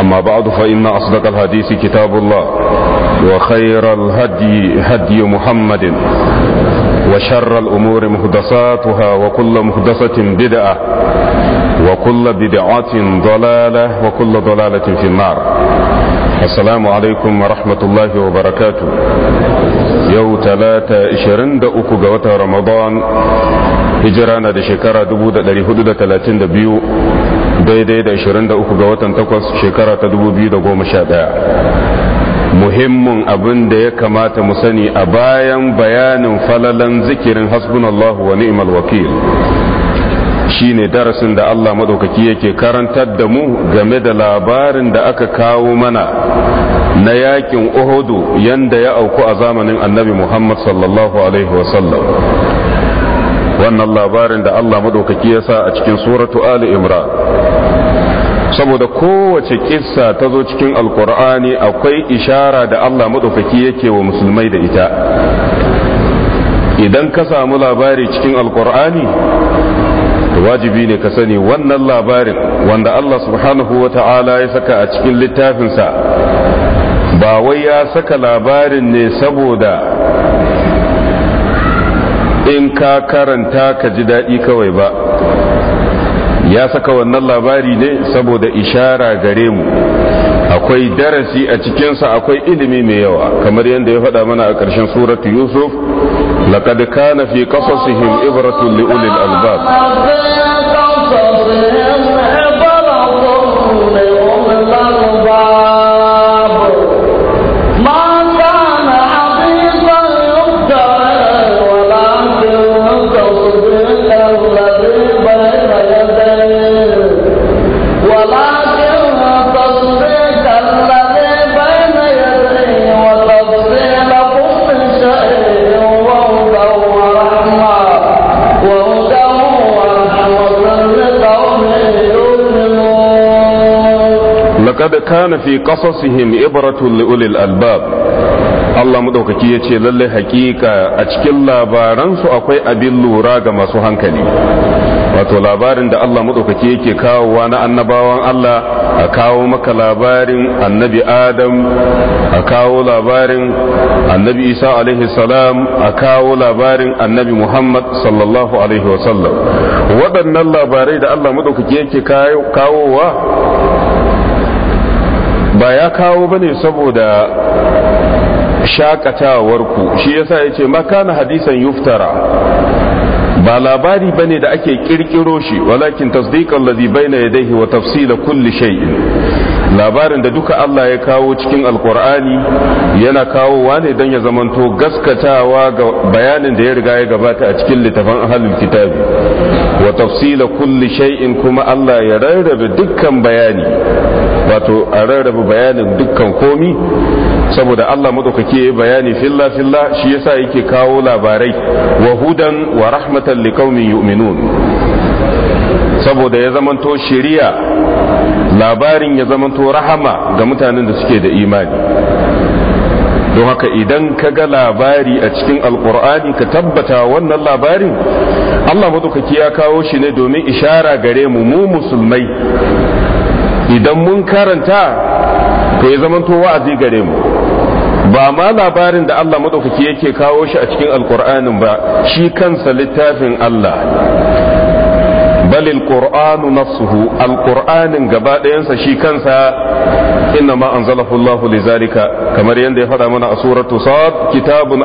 أما بعد فإن أصدق الحديث كتاب الله وخير الهدي هدي محمد وشر الأمور محدثاتها وكل محدثة بدعة وكل بدعة ضلالة وكل ضلالة في النار السلام عليكم ورحمة الله وبركاته يو تلاتة إشرين دا أكو رمضان hijira دبودة لرهدودة تلاتين دبيو daidai da 23 ga watan 8 shekara ta 2011 muhimmin abin da ya kamata mu sani a bayan bayanin falalan zikirin hasbunallahu wa ni'mal wakil shine darasin da Allah madaukaki yake karantar da mu game da labarin da aka kawo mana na yakin Uhudu yanda ya auku a zamanin Annabi Muhammad sallallahu alaihi wasallam wannan labarin da Allah madaukaki ya sa a cikin suratu Ali Imran saboda kowace kissa ta zo cikin alkur'ani akwai ishara da Allah madaukaki yake wa musulmai da ita idan ka samu labari cikin alkur'ani wajibi ne ka sani wannan labarin wanda Allah subhanahu wa ta'ala ya saka a cikin littafinsa ba wai ya saka labarin ne saboda in ka karanta ka ji daɗi kawai ba ya saka wannan labari ne saboda ishara gare mu akwai darasi a cikinsa akwai ilimi mai yawa kamar yadda ya faɗa mana a ƙarshen suratu yusuf laqad kana fi qasasihim ibratun li ulil albab kana fi qasasihim ibratun li ulil albab Allah madaukaki yace lalle hakika a cikin labaran su akwai abin lura ga masu hankali wato labarin da Allah madaukaki yake kawowa na annabawan Allah a kawo maka labarin annabi Adam a kawo labarin annabi Isa alaihi salam a kawo labarin annabi Muhammad sallallahu alaihi wasallam waɗannan labarai da Allah madaukaki yake kawowa ba ya kawo bane saboda shakatawarku shi yasa ya ce makana hadisan yuftara ba labari bane da ake kirkiro shi walakin tasdiqan ladhi baina yadayhi wa tafsila kulli shay'in labarin da duka Allah ya kawo cikin alkur'ani yana kawowa ne don ya zamanto gaskatawa ga bayanin da ya riga ya gabata a cikin littafan ahalin kitabi wa tafsila kulli shay'in kuma Allah ya rarrabe dukkan bayani wato a rarrabe bayanin dukkan komi saboda Allah madaukake bayani filla filla shi yasa yake kawo labarai wa hudan wa rahmatan liqaumin yu'minun saboda ya zamanto shiriya labarin ya zamanto rahama ga mutanen da suke da imani don haka idan ka ga labari a cikin alkur'ani ka tabbata wannan labarin allah maɗaukaki ya kawo shi ne domin ishara gare mu mu musulmai idan mun karanta ka ya zamanto wa'azi gare mu ba ma labarin da allah maɗaukaki yake kawo shi a cikin alkur'anin ba shi kansa littafin allah Balil alqur'anu nafsuhu alqur'anin gaba ɗayansa shi kansa inna ma anzalahu li zalika kamar yanda ya faɗa mana a suratu sad kitabun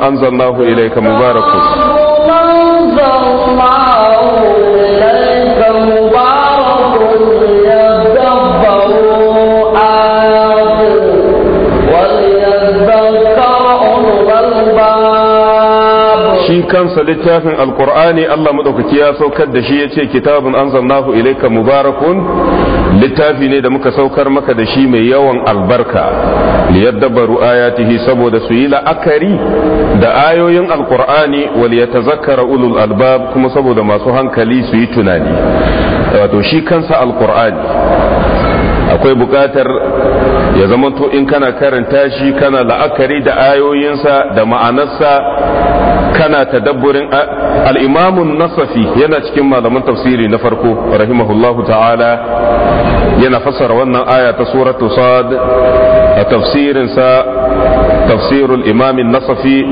shi kansa littafin alkur'ani Allah maɗaukaki ya saukar da shi ce kitabun anzalnahu ilaika mubarakun littafi ne da muka saukar maka da shi mai yawan albarka liyadabbaru ayatihi saboda su yi la'akari da ayoyin alkur'ani wal yatazakkara ulul albab kuma saboda masu hankali su yi tunani wato shi kansa alkur'ani akwai bukatar ya zamanto in kana karanta shi kana la'akari da ayoyinsa da ma'anarsa kana tadabburin al nasafi yana cikin malaman tafsiri na farko rahimahullahu ta'ala yana fassara wannan aya ta suratu sad a tafsirinsa tafsirul imamin nasafi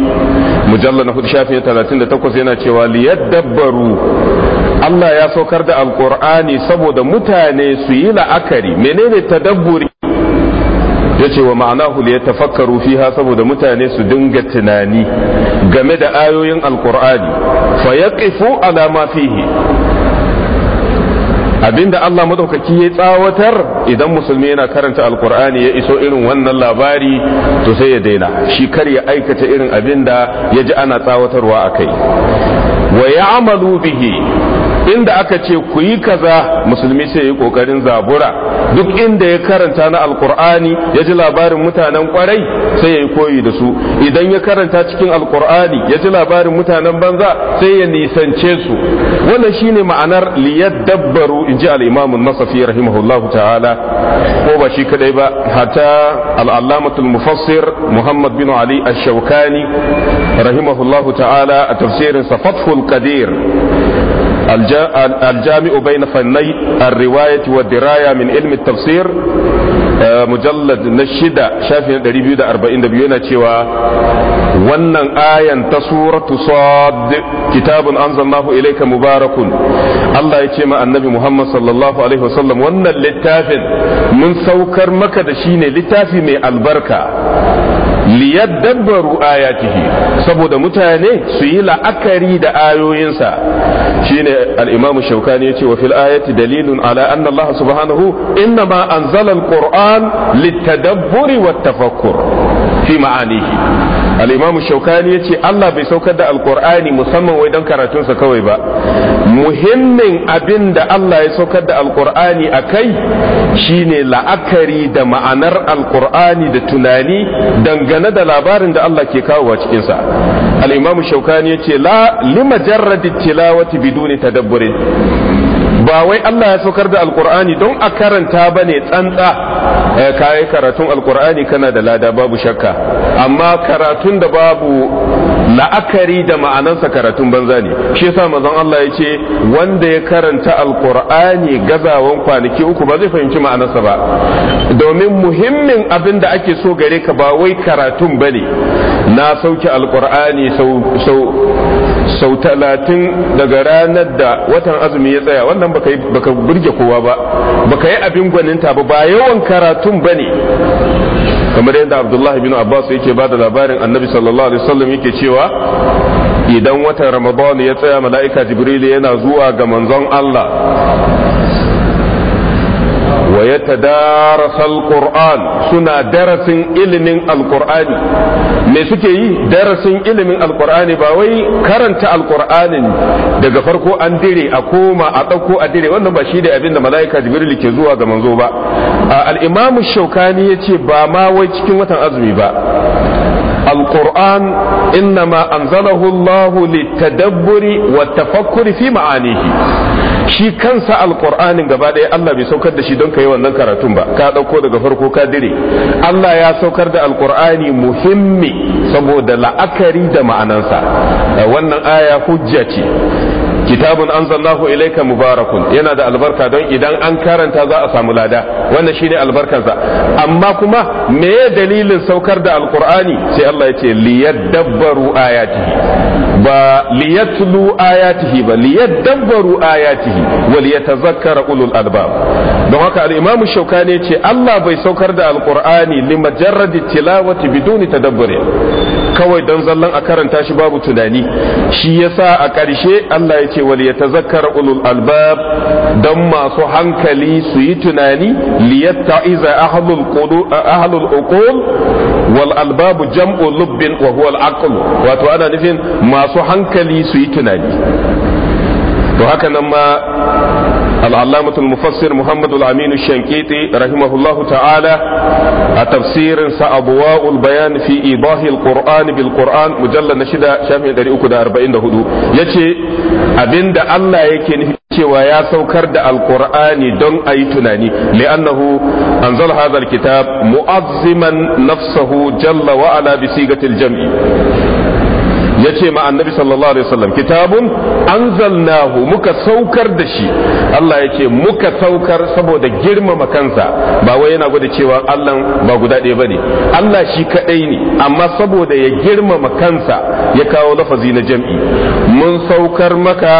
mujalla na shafi 38 yana cewa liyaddabbaru Allah ya saukar da alkur'ani saboda mutane su yi la'akari menene tadabburi yace wa ma'anahu li yatafakkaru fiha saboda mutane su dinga tunani game da ayoyin alkur'ani fa ya ƙifo alama fihi abinda Allah madaukaki ya tsawatar idan musulmi yana karanta alkur'ani ya iso irin wannan labari to sai ya daina shi kar ya aikata irin abinda ya ji ana tsawatarwa a kai wa ya amalu bihi inda aka ce ku yi kaza musulmi sai yi kokarin zabura duk inda ya karanta na alkur'ani ya ji labarin mutanen kwarai sai ya yi koyi da su idan ya karanta cikin alkur'ani ya ji labarin mutanen banza sai ya nisance su wannan shine ma'anar liyadabbaru inji al-imam an-nasafi rahimahullahu ta'ala ko ba shi kadai ba hata al mufassir muhammad bin ali ash-shawkani rahimahullahu ta'ala a tafsirin sa fathul qadir الجامع بين فني الرواية والدراية من علم التفسير مجلد نشدة شافي دريبيو دا أربعين دبيونا تيوا wannan ayan ta suratu sad kitabun anzalnahu ilaika mubarakun Allah ya ce ma annabi Muhammad sallallahu alaihi wasallam wannan littafin mun saukar maka da shi ne littafi mai albarka liyadabbaru ayatihi saboda mutane su yi la'akari da ayoyinsa shine al-imam shaukani yace wa fil ayati dalilun ala anna Allah subhanahu innama anzala al-qur'an litadabburi wat tafakkur fi ma'anihi al-imam shaukani yace Allah bai saukar da alqur'ani musamman wai dan karatun sa kawai ba muhimmin abin da Allah ya saukar da alqur'ani akai shine la'akari da ma'anar alqur'ani da tunani dangane da labarin da Allah ke kawo cikin sa al-imam shaukani yace la limajarradi tilawati biduni tadabburin ba wai Allah ya saukar da alkur'ani don a karanta ba ne tsantsa eh, karatun alkur'ani kana da lada babu shakka amma karatun da babu la'akari da ma'anansa karatun banza ne shi yasa manzon Allah ya ce wanda ya karanta alkur'ani gazawan kwanaki uku ba zai fahimci ma'anarsa ba domin muhimmin abin da ake so gare ka ba wai karatun bane na sauke alkur'ani sau sau talatin daga ranar da watan azumi ya tsaya wannan baka burge kowa ba baka yi abin gwaninta ba ba yawan karatun ba ne kamar yadda abdullahi bin abbas yake ba da labarin annabi sallallahu alaihi wasallam yake cewa idan watan ramadan ya tsaya mala'ika jibril yana zuwa ga manzon allah wa ya tadarasa suna darasin ilimin alqur'ani me suke yi darasin ilimin alqur'ani ba wai karanta alqur'anin daga farko an dire a koma a dauko a dire wannan ba shi da abin da malaika jibril ke zuwa ga manzo ba al-imam shaukani ce ba ma wai cikin watan azumi ba القرآن إنما أنزله الله للتدبر والتفكر في معانيه shi kansa alqur'anin gaba ɗaya Allah bai saukar da shi don ka yi wannan karatun ba ka ɗauko daga farko ka dire Allah ya saukar da alqur'ani muhimmi saboda la'akari da ma'anansa wannan aya hujja ce kitabun anzalnahu ilaika mubarakun yana da albarka don idan an karanta za a samu lada wannan shine albarkansa amma kuma me dalilin saukar da alkur'ani sai Allah ya ce liyadabbaru ayatihi ba liyatlu ayatihi ba liyadabbaru ayatihi wa liyatazakkara ulul albab don haka al-imamu shaukani ce Allah bai saukar da alqur'ani limajarradi tilawati biduni tadabburi kawai don zallan a karanta shi babu tunani shi yasa a ƙarshe Allah ya ce wal yatazakkar ulul albab don masu hankali su yi tunani liyatta'iza ahlul qulu ahlul uqul wal albabu jam'u lubbin wa huwa al aql wato ana nufin masu hankali su yi tunani to haka nan ma العلامة المفسر محمد الأمين الشنكيتي رحمه الله تعالى تفسير سأبواء البيان في إيضاح القرآن بالقرآن مجلد نشدة شافي دري أكد أربعين دهدو يشي أبين دا الله يكين cewa ya saukar da alkur'ani don a yi tunani li'annahu anzal hadha alkitab mu'azziman nafsahu jalla wa ala bi sigatil jam'i ya ce ma annabi sallallahu alaihi wasallam kitabun anzalnahu muka saukar da shi Allah ya ce muka saukar saboda girmama kansa ba wai yana gwada cewa Allah ba guda ɗaya bane Allah shi kadai ne amma saboda ya girmama kansa ya kawo lafazi na jam'i mun saukar maka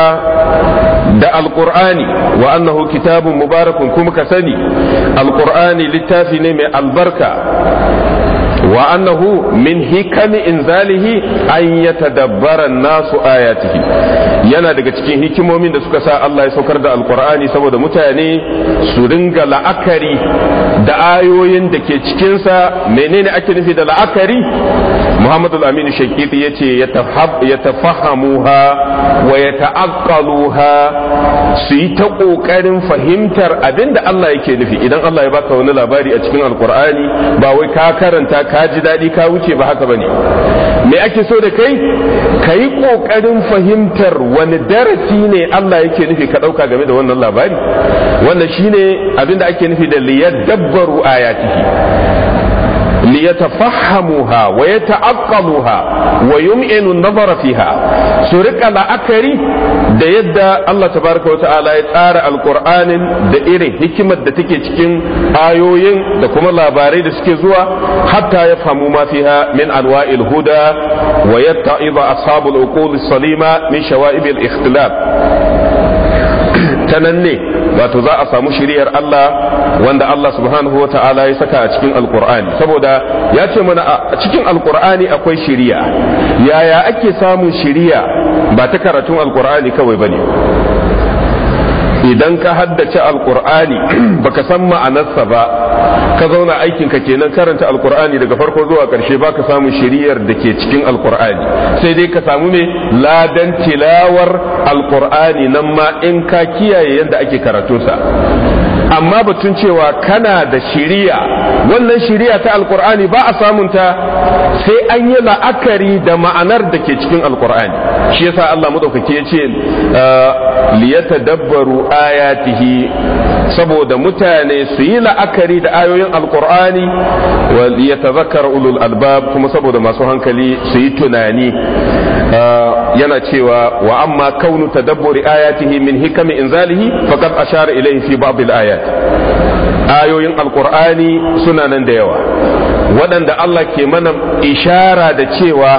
da alqur'ani wa annahu kitabun mubarakun kuma ka sani alqur'ani littafi ne mai albarka wa annahu min hikami inzalihi an yatadabbara nasu ayatihi yana daga cikin hikimomin da suka sa Allah ya saukar da alqur'ani saboda mutane su ringa la'akari da ayoyin da ke cikin sa menene ake nufi da la'akari Muhammadu al-Amin Shankiti yace yatafahamuha wa yata'aqqaluha su yi ta kokarin fahimtar abinda Allah yake nufi idan Allah ya baka wani labari a cikin alqur'ani ba wai ka karanta ka ka ji daɗi ka wuce ba haka bane me ake so da kai ka yi ƙoƙarin fahimtar wani darasi ne Allah yake nufi ka ɗauka game da wannan labari wannan shine abinda ake nufi da dabbaru ayatihi yata liyatafahhamuha wa yata'aqqamuha wa yum'inu an-nazara fiha su rika la'akari da yadda Allah tabaraka wata'ala ya tsara alqur'anin da irin hikimar da take cikin ayoyin da kuma labarai da suke zuwa hatta ya famu ma fiha min anwa'il huda wa yatta'iza ashabul uqul salima min shawa'ib al-ikhtilaf ta nan ne wato za a samu shiriyar Allah wanda Allah subhanahu wata'ala ya saka a cikin alkur'ani saboda ya ce mana a cikin alkur'ani akwai shiriya yaya ake samun shiriya ba ta karatun alkur'ani kawai bane idan ka haddace alkur'ani baka san ma'anarsa ba ka zauna aikin ka kenan karanta alkur'ani daga farko zuwa karshe baka samu shiriyar da ke cikin alkur'ani sai dai ka samu me ladan tilawar alkur'ani nan ma in ka kiyaye yadda ake karatunsa amma batun cewa kana da shiriya wannan shiriya ta alkur'ani ba a samunta sai an yi la'akari da ma'anar da ke cikin alkur'ani shi yasa Allah madaukake ya ce aya ah, ayatihi saboda mutane su yi la'akari da ayoyin alkur'ani wa liyatadhakkar ulul albab kuma saboda masu hankali su yi tunani yana cewa wa amma kaunu tadabburi ayatihi min hikami inzalihi faqad ashara ilayhi fi ba'd al-ayat ayoyin alqur'ani suna nan da yawa waɗanda Allah ke mana ishara da cewa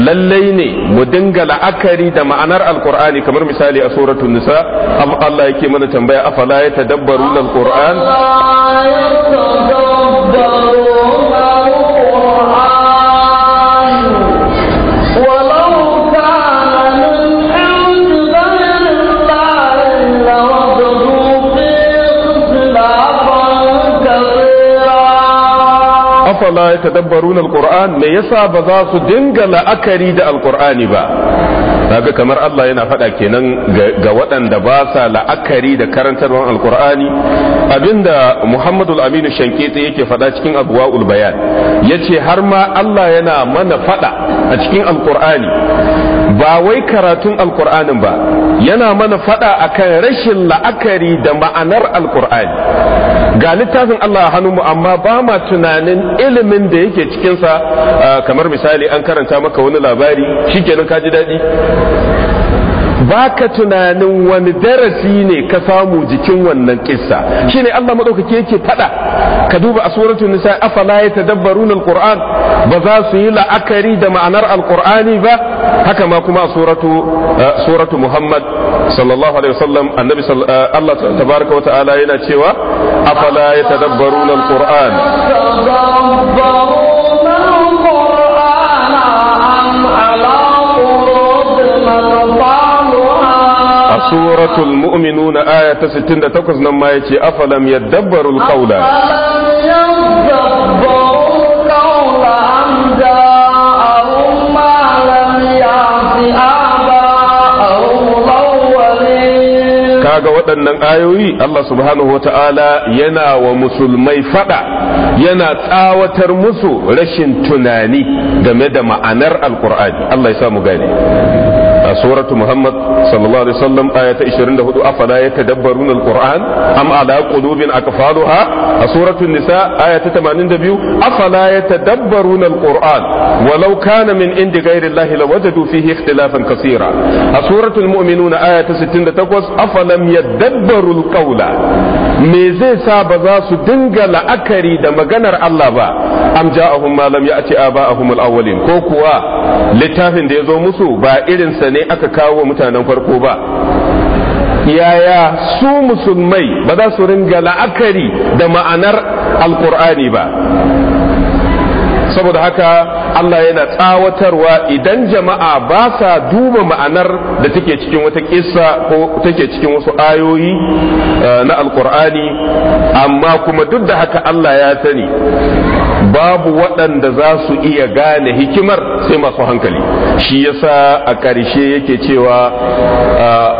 lallai ne mu dinga la'akari da ma'anar alqur'ani kamar misali a suratul nisa Allah yake mana tambaya afala ya tadabbaru alkur'an afala tadabbaruna alquran me yasa ba za su dinga la'akari da alqurani ba kaga kamar Allah yana faɗa kenan ga waɗanda ba sa la'akari da karantarwar alkur'ani abinda Muhammadul Aminu Shankete yake faɗa cikin Abwaul Bayan yace har ma Allah yana mana faɗa a cikin alkur'ani ba wai karatun alkur'anin ba yana mana fada akan rashin la'akari da ma'anar alkur'ani ga littafin Allah hannunmu amma ba ma tunanin ilimin da yake cikinsa ah, kamar misali an karanta maka wani labari shi shikenan ka ji daɗi baka tunanin wani darasi ne ka samu jikin wannan kissa shine Allah madaukake yake fada ka duba a suratul nisa afala yatadabbaruna alquran ba za su yi la'akari da ma'anar alqurani ba haka ma kuma a suratu suratu muhammad sallallahu alaihi wasallam annabi Allah tabaraka wa ta'ala yana cewa afala yatadabbaruna alquran suratul mu'minuna aya ta 68 nan ma yace afalam yadabbarul qawla kaga waɗannan ayoyi Allah subhanahu wata'ala yana wa musulmai faɗa, yana tsawatar musu rashin tunani game da ma'anar alkur'ani Allah ya mu gadi. a suratu muhammad sallallahu alaihi wasallam aya ta 24 afala yatadabbarun alquran am ala qulubin aqfaluha a suratu nisa 82 afala yatadabbarun alquran walau kana min indi ghairi allahi lawajadu fihi ikhtilafan kaseera a suratu almu'minuna 68 afalam yadabbaru alqawla me zai sa ba za su dinga la'akari da maganar Allah ba am ja'ahum ma lam a aba'ahum alawwalin ko kuwa littafin da ya zo musu ba irinsa ne aka kawo wa mutanen farko ba yaya su musulmai ba za su ringa la'akari da ma'anar alkur'ani ba saboda haka Allah yana tsawatarwa idan jama'a ba sa duba ma'anar da take cikin wata kissa ko take cikin wasu ayoyi eh, na alkur'ani amma kuma duk da haka Allah ya sani babu waɗanda za su iya gane hikimar sai masu hankali shi yasa a ƙarshe yake cewa eh,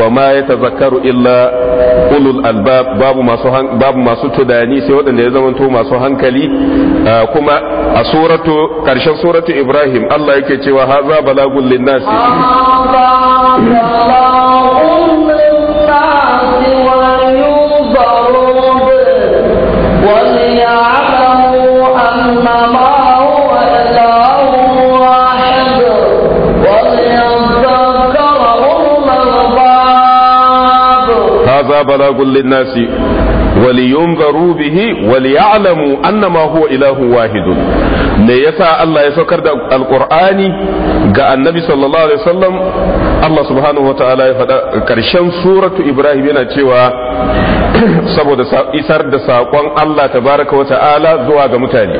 wa ma ya tazakkaru illa ulul albab babu masu babu masu tunani sai waɗanda ya zamanto masu hankali kuma a suratu karshen suratu ibrahim Allah yake cewa haza balagul linnasi وَلْيَعْلَمَ هذا بلاغ للناس ولينذروا به وليعلموا أنما هو إله واحد me yasa Allah ya saukar da alkur'ani ga annabi sallallahu alaihi wasallam Allah subhanahu wa ta'ala ya faɗa ƙarshen suratu Ibrahim yana cewa saboda isar da saƙon Allah tabaraka wa ta'ala zuwa ga mutane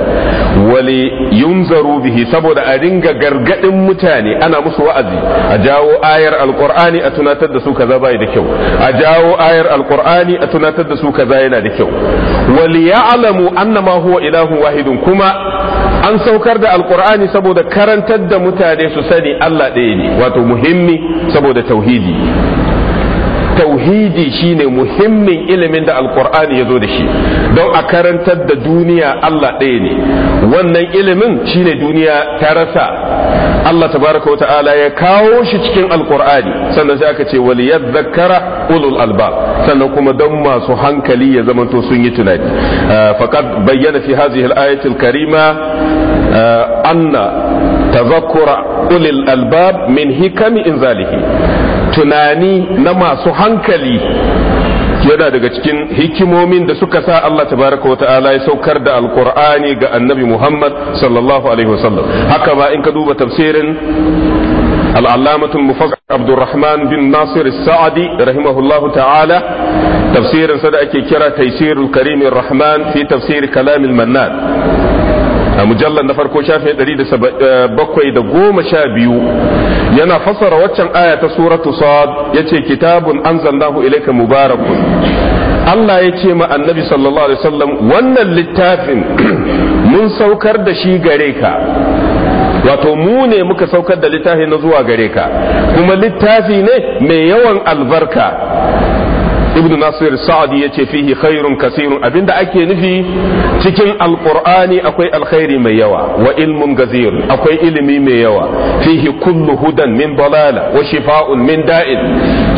wali yunzaru bihi saboda a ringa gargadin mutane ana musu wa'azi a jawo ayar alqur'ani a tunatar da su kaza bai da kyau a jawo ayar alqur'ani a tunatar da su kaza yana da kyau wali ya'lamu annama huwa ilahu wahidun kuma an saukar da alqur'ani saboda karantar da mutane su sani Allah ɗaya ne wato muhimmi saboda tauhidi tauhidi shine muhimmin ilimin da alkur'ani ya zo da shi don a karantar da duniya Allah ɗaya ne wannan ilimin shine duniya ta rasa Allah tabaraka wata'ala ya kawo shi cikin alkur'ani sannan sai aka ce wal yadhakkara ulul albab sannan kuma don masu hankali ya zamanto sun yi tunani ah, faqad bayyana fi hadhihi al-ayati al-karima ah, anna tazakkura ulil albab min hikami in tunani na masu hankali yana daga cikin hikimomin da suka sa Allah tabaraka wata'ala ya saukar da alkur'ani ga annabi Muhammad sallallahu alaihi wasallam haka ba in ka duba tafsirin العلامة المفكر عبد الرحمن بن ناصر السعدي رحمه الله تعالى تفسير صدق كرا تيسير الكريم الرحمن في تفسير كلام المنان A mujallar na farko eh, sha biyu yana fassara waccan aya ta suratu sad yace kitabun anzalnahu ilayka mubarakun Allah ya ce ma annabi sallallahu alaihi wasallam wannan littafin mun saukar da shi gare ka wato mu ne muka saukar da littafi na zuwa gare ka kuma littafi ne mai yawan albarka ibnu nasir sa'adi ce fihi khairun kasirun abinda ake nufi cikin alqur'ani akwai alkhairi mai yawa wa ilmun gazir akwai ilimi mai yawa fihi kullu hudan min dalala wa shifa'un min da'in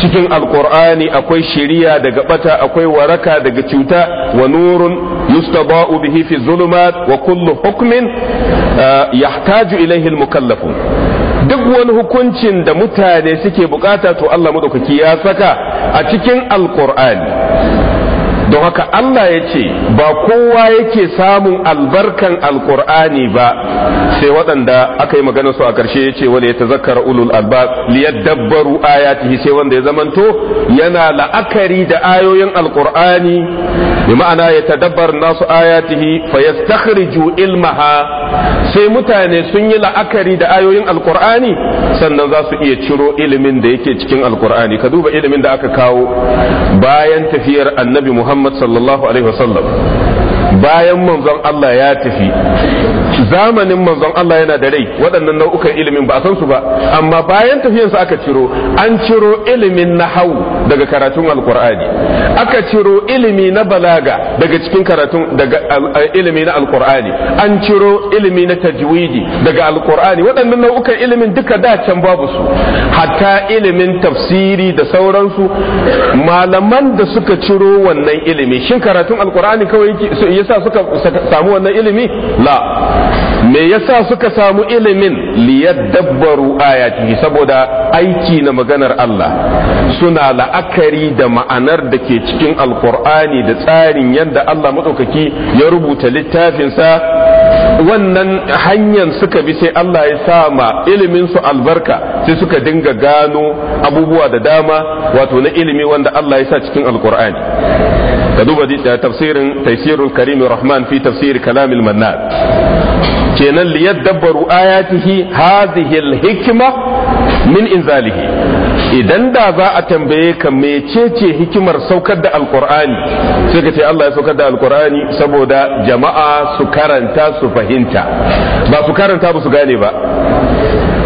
cikin alqur'ani akwai shiriya daga bata akwai waraka daga cuta wa nurun yustaba'u bihi fi zulumat wa kullu hukmin eh, yahtaju ilayhi almukallafun duk wani hukuncin da mutane suke bukata to Allah madaukaki ya saka a cikin alkur'ani don haka Allah ya ce ba kowa yake samun albarkan alkur'ani ba sai waɗanda aka yi magana su a karshe ya ce wanda ya tazakkar ulul albab liyadabbaru ayatihi sai wanda ya zamanto yana la'akari da ayoyin alkur'ani bi ma'ana ya tadabbar nasu ayatihi fa yastakhriju ilmaha sai mutane sun yi la'akari da ayoyin alkur'ani sannan za su iya ciro ilimin da yake cikin alkur'ani ka duba ilimin da aka kawo bayan tafiyar annabi muhammad sallallahu alaihi wasallam bayan manzon Allah ya tafi zamanin manzon Allah yana da rai waɗannan nau'ukan ilimin ba a san su ba amma bayan tafiyarsa aka ciro an ciro ilimin nahau daga karatun alkur'ani aka ciro ilimi na balaga daga cikin karatun daga eh, ilimi na alkur'ani an ciro ilimi na tajwidi daga alkur'ani waɗannan nau'ukan ilimin duka da can babu su hatta ilimin tafsiri da sauransu malaman da suka ciro wannan ilimi shin karatun alkur'ani kawai yasa suka samu wannan ilimi la me yasa suka samu ilimin liyadabbaru ayati saboda aiki na maganar Allah suna la'akari da ma'anar da ke cikin alkur'ani da tsarin yadda Allah maɗaukaki ya rubuta littafinsa wannan hanyar suka bi sai Allah ya ma ilimin su albarka sai suka dinga gano abubuwa da dama wato na ilimi wanda Allah ya sa cikin alkur'ani ka duba tafsirin tafsirul karimin rahman fi tafsir kalam al-mannan kenan dabbaru ayatihi hadhihi al hikima min inzalihi idan da za a tambaye ka mecece hikimar saukar da alkur'ani sai ka ce Allah ya saukar da alkur'ani saboda jama'a su karanta su fahimta ba su karanta ba su gane ba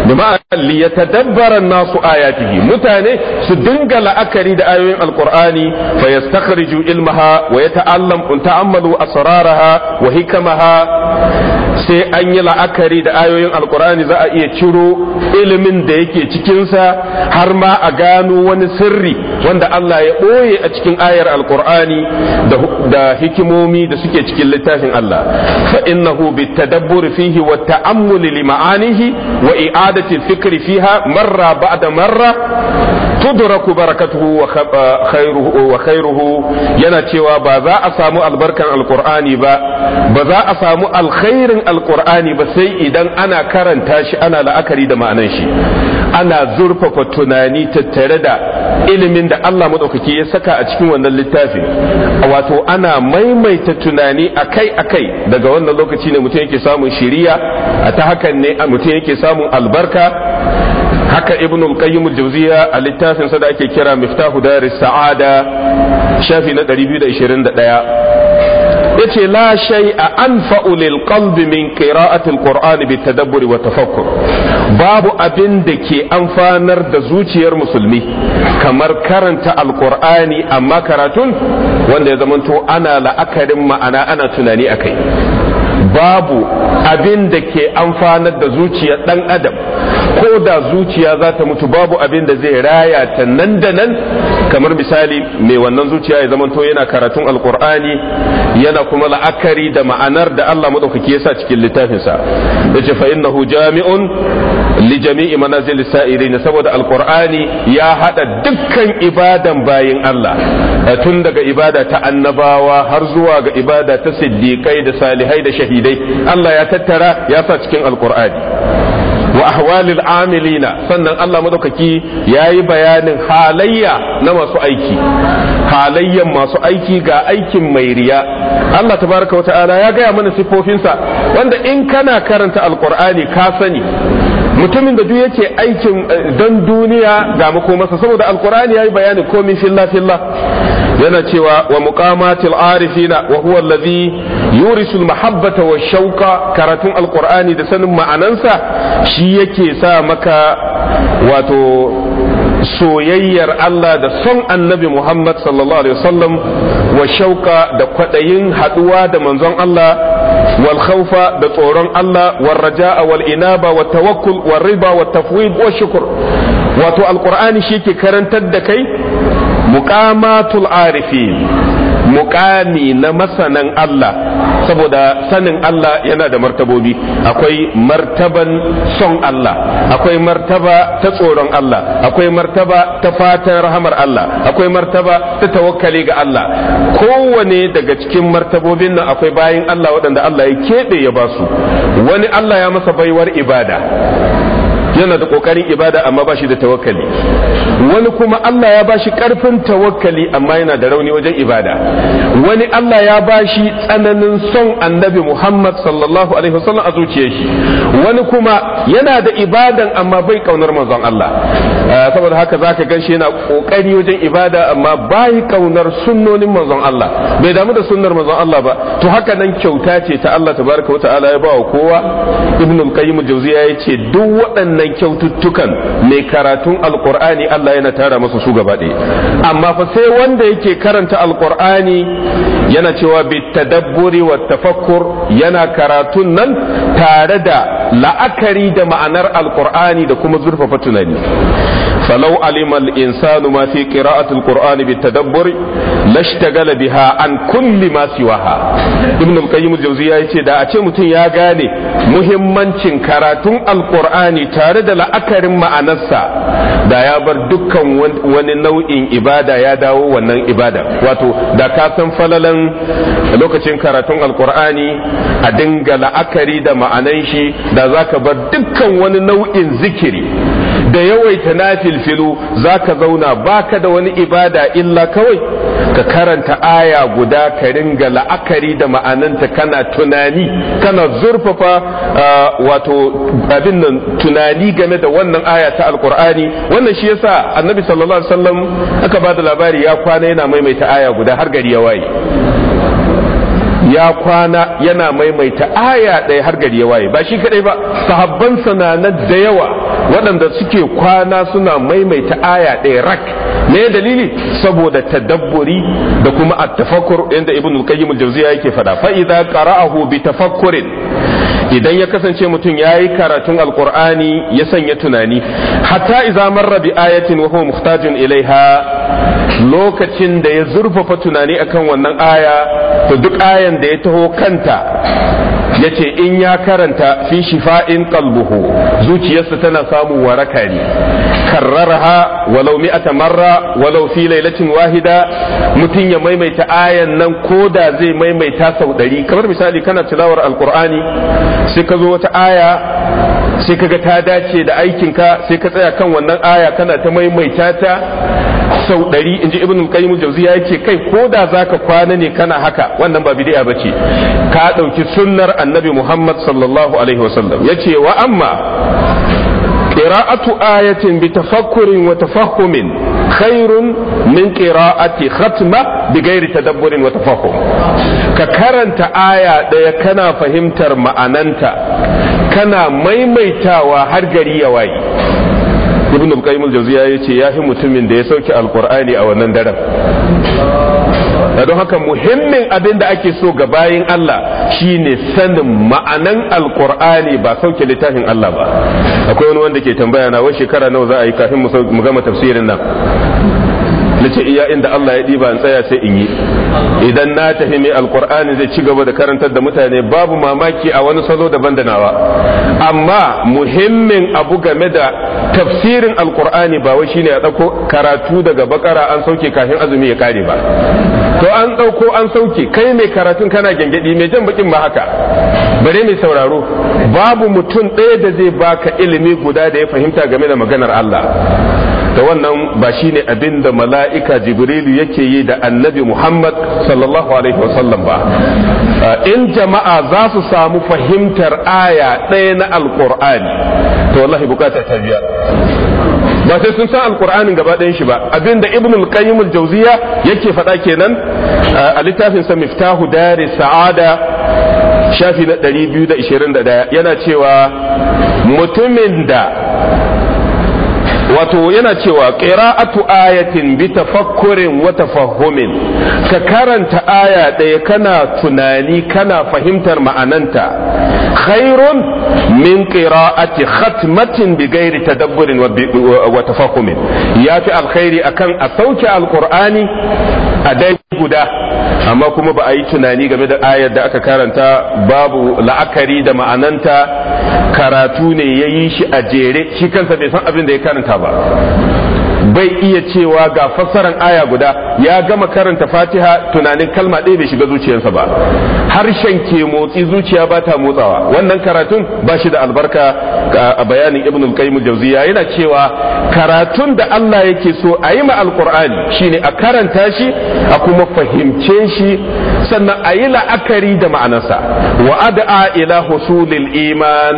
jama'a liyatadabbara nasu ayatihi mutane su dinga la'akari da ayoyin alqur'ani fa yastakhriju ilmaha wa yata'allam ta'ammalu asraraha wa hikamaha sai an yi la'akari da ayoyin alkurani za a iya ciro ilimin da yake cikinsa har ma a gano wani sirri wanda Allah ya ɓoye a cikin ayar alkurani da hikimomi da suke cikin littafin Allah fa innahu bi fihi wa ta'ammuli li ma'anihi wa i'adati dhikri fiha marra ba'da marra tudraku barakatuhu wa khairuhu uh, uh, yana cewa ba za a samu albarkan alkur'ani ba ba za a samu alkhairin alkur'ani ba sai idan ana karanta shi ana la'akari da ma'anan shi ana zurfafa tunani tattare da ilimin da Allah maɗaukaki ya saka a cikin wannan littafin wato ana maimaita tunani akai-akai daga wannan lokaci ne mutum yake samun shiriya a ta hakan ne mutum yake samun albarka haka ibn al-qayyim al-jawziya a littafin sa da ake kira miftahu daris sa'ada shafi na 221 yace la a anfa'u lil qalbi min qira'atil qur'ani bi tadabburi wa tafakkur babu abin da ke amfanar da zuciyar musulmi kamar karanta alqur'ani amma karatun wanda ya zamanto ana la'akarin ma'ana ana tunani akai babu abin da ke amfanar da zuciyar dan adam ko da zuciya za ta mutu babu abin da zai raya ta nan da nan kamar misali mai wannan zuciya ya zamanto yana karatun alkur'ani yana kuma la'akari da ma'anar da Allah madaukaki ya sa cikin littafinsa yace fa innahu jami'un li jami'i manazil sa'irin saboda alkur'ani ya haɗa dukkan ibadan bayin Allah tun daga ibada ta annabawa har zuwa ga ibada ta siddiqai da salihai da shahidai Allah ya tattara ya sa cikin alkur'ani wa ahwalil amilina sannan Allah madaukaki yayi bayanin halayya na masu aiki halayyan masu aiki ga aikin mai riya Allah tabaraka wata'ala ya gaya mana sifofinsa wanda in kana karanta alqur'ani ka sani mutumin da duk yake aikin eh, don duniya ga masa saboda alqur'ani yayi bayani komai filla filla yana cewa wa muqamatil arifina wa huwa allazi yurisul mahabbata wa shauka karatun alqur'ani da sanin ma'anansa shi yake sa maka wato soyayyar Allah da son annabi Muhammad sallallahu alaihi wasallam wa shauka da kwadayin haduwa da manzon Allah wal khawfa da tsoron Allah wal raja'a wal inaba wa tawakkul wal riba wa tafwid wa shukr wato alqur'ani shi ke karantar da kai muqamatul arifin muqami na masanan Allah saboda sanin Allah yana da martabobi akwai martaban son Allah akwai martaba ta tsoron Allah akwai martaba ta fatan rahamar Allah akwai martaba ta tawakkali ga Allah kowane daga cikin martabobin nan akwai bayin Allah waɗanda Allah ya keɓe ya basu wani Allah ya masa baiwar ibada yana da kokarin ibada amma ba shi da tawakkali wani kuma Allah ya bashi karfin tawakkali amma yana da rauni wajen ibada wani Allah ya bashi tsananin son annabi Muhammad sallallahu alaihi wasallam a zuciyar shi wani kuma yana da ibadan amma bai kaunar manzon Allah ah, saboda haka zaka gan shi yana kokari wajen ibada amma bai kaunar sunnonin manzon Allah bai damu da sunnar manzon Allah ba to haka nan kyauta ce ta Allah tabaraka wa ta'ala ya ba wa kowa ibnul qayyim jawziya yace duk waɗannan waɗannan kyaututtukan mai karatun alkur'ani Allah yana tara masa su gaba amma fa sai wanda yake karanta alkur'ani yana cewa bi tadabburi wa tafakkur yana karatun nan tare da la'akari da ma'anar alkur'ani da kuma zurfafa tunani falau alimal insanu ma fi qira'atil qur'ani bitadabburi lashtagala biha an kulli ma siwaha ibn al-qayyim al-jawziya yace da a ce mutum ya gane muhimmancin karatun alqur'ani tare da la'akarin ma'anarsa da ya bar dukkan wani nau'in ibada ya dawo wannan ibada wato da ka san falalan lokacin karatun alqur'ani a dinga la'akari da ma'anan shi da zaka bar dukkan wani nau'in zikiri da yawaita na za ka zauna baka da wani ibada illa kawai ka karanta aya guda ka ringa la'akari da ma'ananta kana tunani kana zurfafa ah, wato abin nan tunani game da wannan aya ta alkur'ani wannan shi yasa annabi sallallahu alaihi wasallam aka ba da labari ya kwana yana maimaita aya guda har gari ya waye ya kwana yana maimaita aya ɗaya har gari ya waye ba shi kaɗai ba sahabban sanana da yawa waɗanda suke kwana suna maimaita aya ɗaya rak me dalili saboda tadabburi da kuma at-tafakkur inda ibnu al-qayyim al-jawziya yake fada fa idza qara'ahu bi tafakkurin idan ya kasance mutum ya yi karatun alkur'ani ya sanya tunani hatta iza marra bi ayatin wa huwa muhtajun ilaiha lokacin da ya zurfafa tunani akan wannan aya to duk ayan da ya taho kanta yace in ya karanta fi shifa'in qalbuhu zuciyarsa tana samun waraka ne karrarha walau mi'ata marra walau fi lailatin wahida mutum ya maimaita ayan nan ko da zai maimaita sau ɗari kamar misali kana tilawar alqur'ani sai ka zo wata aya sai kaga ta dace da aikinka sai ka tsaya kan wannan aya kana ta maimaita ta sau ɗari in ji ibn qayyim jauziya ya kai ko da zaka kwana ne kana haka wannan ba bid'a bace ka ɗauki sunnar annabi muhammad sallallahu alaihi wasallam ya ce wa amma qira'atu ayatin bi tafakkurin wa tafahhumin khairun min qira'ati khatma bi ghairi tadabburin wa tafahhum ka karanta aya ɗaya kana fahimtar ma'ananta kana maimaitawa har gari ya waye ibn al-qayyim al-jawziya yace fi mutumin da ya sauke al-qur'ani a wannan daren don haka muhimmin abin da ake so ga bayin Allah shine sanin ma'anan al-qur'ani ba sauke littafin Allah ba akwai wani wanda ke tambaya na wani shekara nawa za a yi kafin mu gama tafsirin nan nace iya inda Allah ya diba in tsaya sai in yi idan na tafi mai alkur'ani zai ci gaba da karantar da mutane babu mamaki a wani salo daban da nawa amma muhimmin abu game da tafsirin alkur'ani ba wai shine a ɗauko karatu daga bakara an sauke kafin azumi ya kare ba to an ɗauko an sauke kai mai karatun kana gyangyaɗi mai jan bakin ba haka bare mai sauraro babu mutum ɗaya da zai baka ilimi guda da ya fahimta game da maganar Allah da wannan ba shine abin da mala'ika jibrilu yake yi da annabi muhammad sallallahu alaihi wasallam ba in jama'a za su samu fahimtar aya ɗaya na alkur'ani to wallahi bukata ta ba sai sun san alkur'anin gaba ɗayan shi ba abinda ibn al-qayyim al-jawziya yake faɗa kenan a littafin sa miftahu dari sa'ada shafi na 221 yana cewa mutumin da wato yana cewa ƙira'atu ayatin bi tafakkurin wa tafahumin ka karanta aya ɗaya kana tunani kana fahimtar ma'ananta khairun min ƙira'ati khatmatin bi ghairi tadabburin wa tafahumin yafi alkhairi akan a sauke alkur'ani. a dai guda amma kuma ba a yi tunani game da ayar da aka karanta babu la'akari da ma'ananta karatu ne ya yi shi a jere shi kansa bai san abin da ya karanta ba bai iya cewa ga fassaran aya guda ya gama karanta fatiha tunanin kalma ɗaya bai shiga zuciyarsa ba harshen ke motsi zuciya ba ta motsawa wannan karatun ba shi da albarka a bayanin ibn al-qayyim jawziya yana cewa karatun da Allah yake so a yi ma alqur'ani shine a karanta shi a kuma fahimce shi sannan a yi la'akari da ma'anarsa wa ad'a ila husulil iman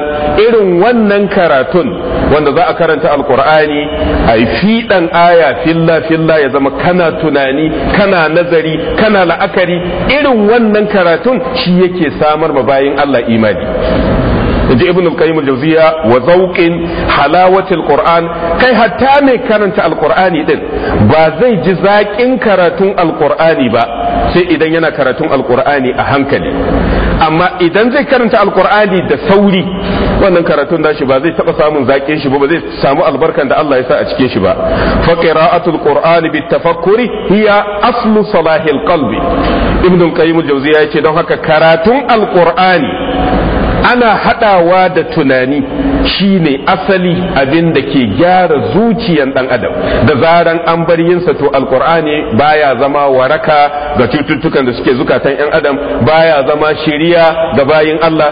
irin wannan karatun wanda za a karanta alqur'ani a yi aya filla filla ya zama kana tunani kana nazari kana la'akari irin wannan karatun shi yake samar ma bayin Allah imani inji ibn al-qayyim al-jawziya wa zawqin halawati al-qur'an kai hatta mai karanta al-qur'ani din ba zai ji zaƙin karatun al-qur'ani ba sai idan yana karatun al-qur'ani a hankali amma idan zai karanta al-qur'ani da sauri wannan karatun nashi ba zai taba samun zaƙin shi ba ba zai samu albarkan da Allah ya sa a cikin shi ba fa qira'atul qur'ani bi tafakkuri hiya aslu salahil qalbi ibn qayyim al ya yace don haka karatun alqur'ani ana hadawa da tunani shine asali abin da ke gyara zuciyan dan adam da zaran an bar yinsa to alqur'ani baya zama waraka ga cututtukan da suke zukatan yan adam baya zama shiriya ga bayin Allah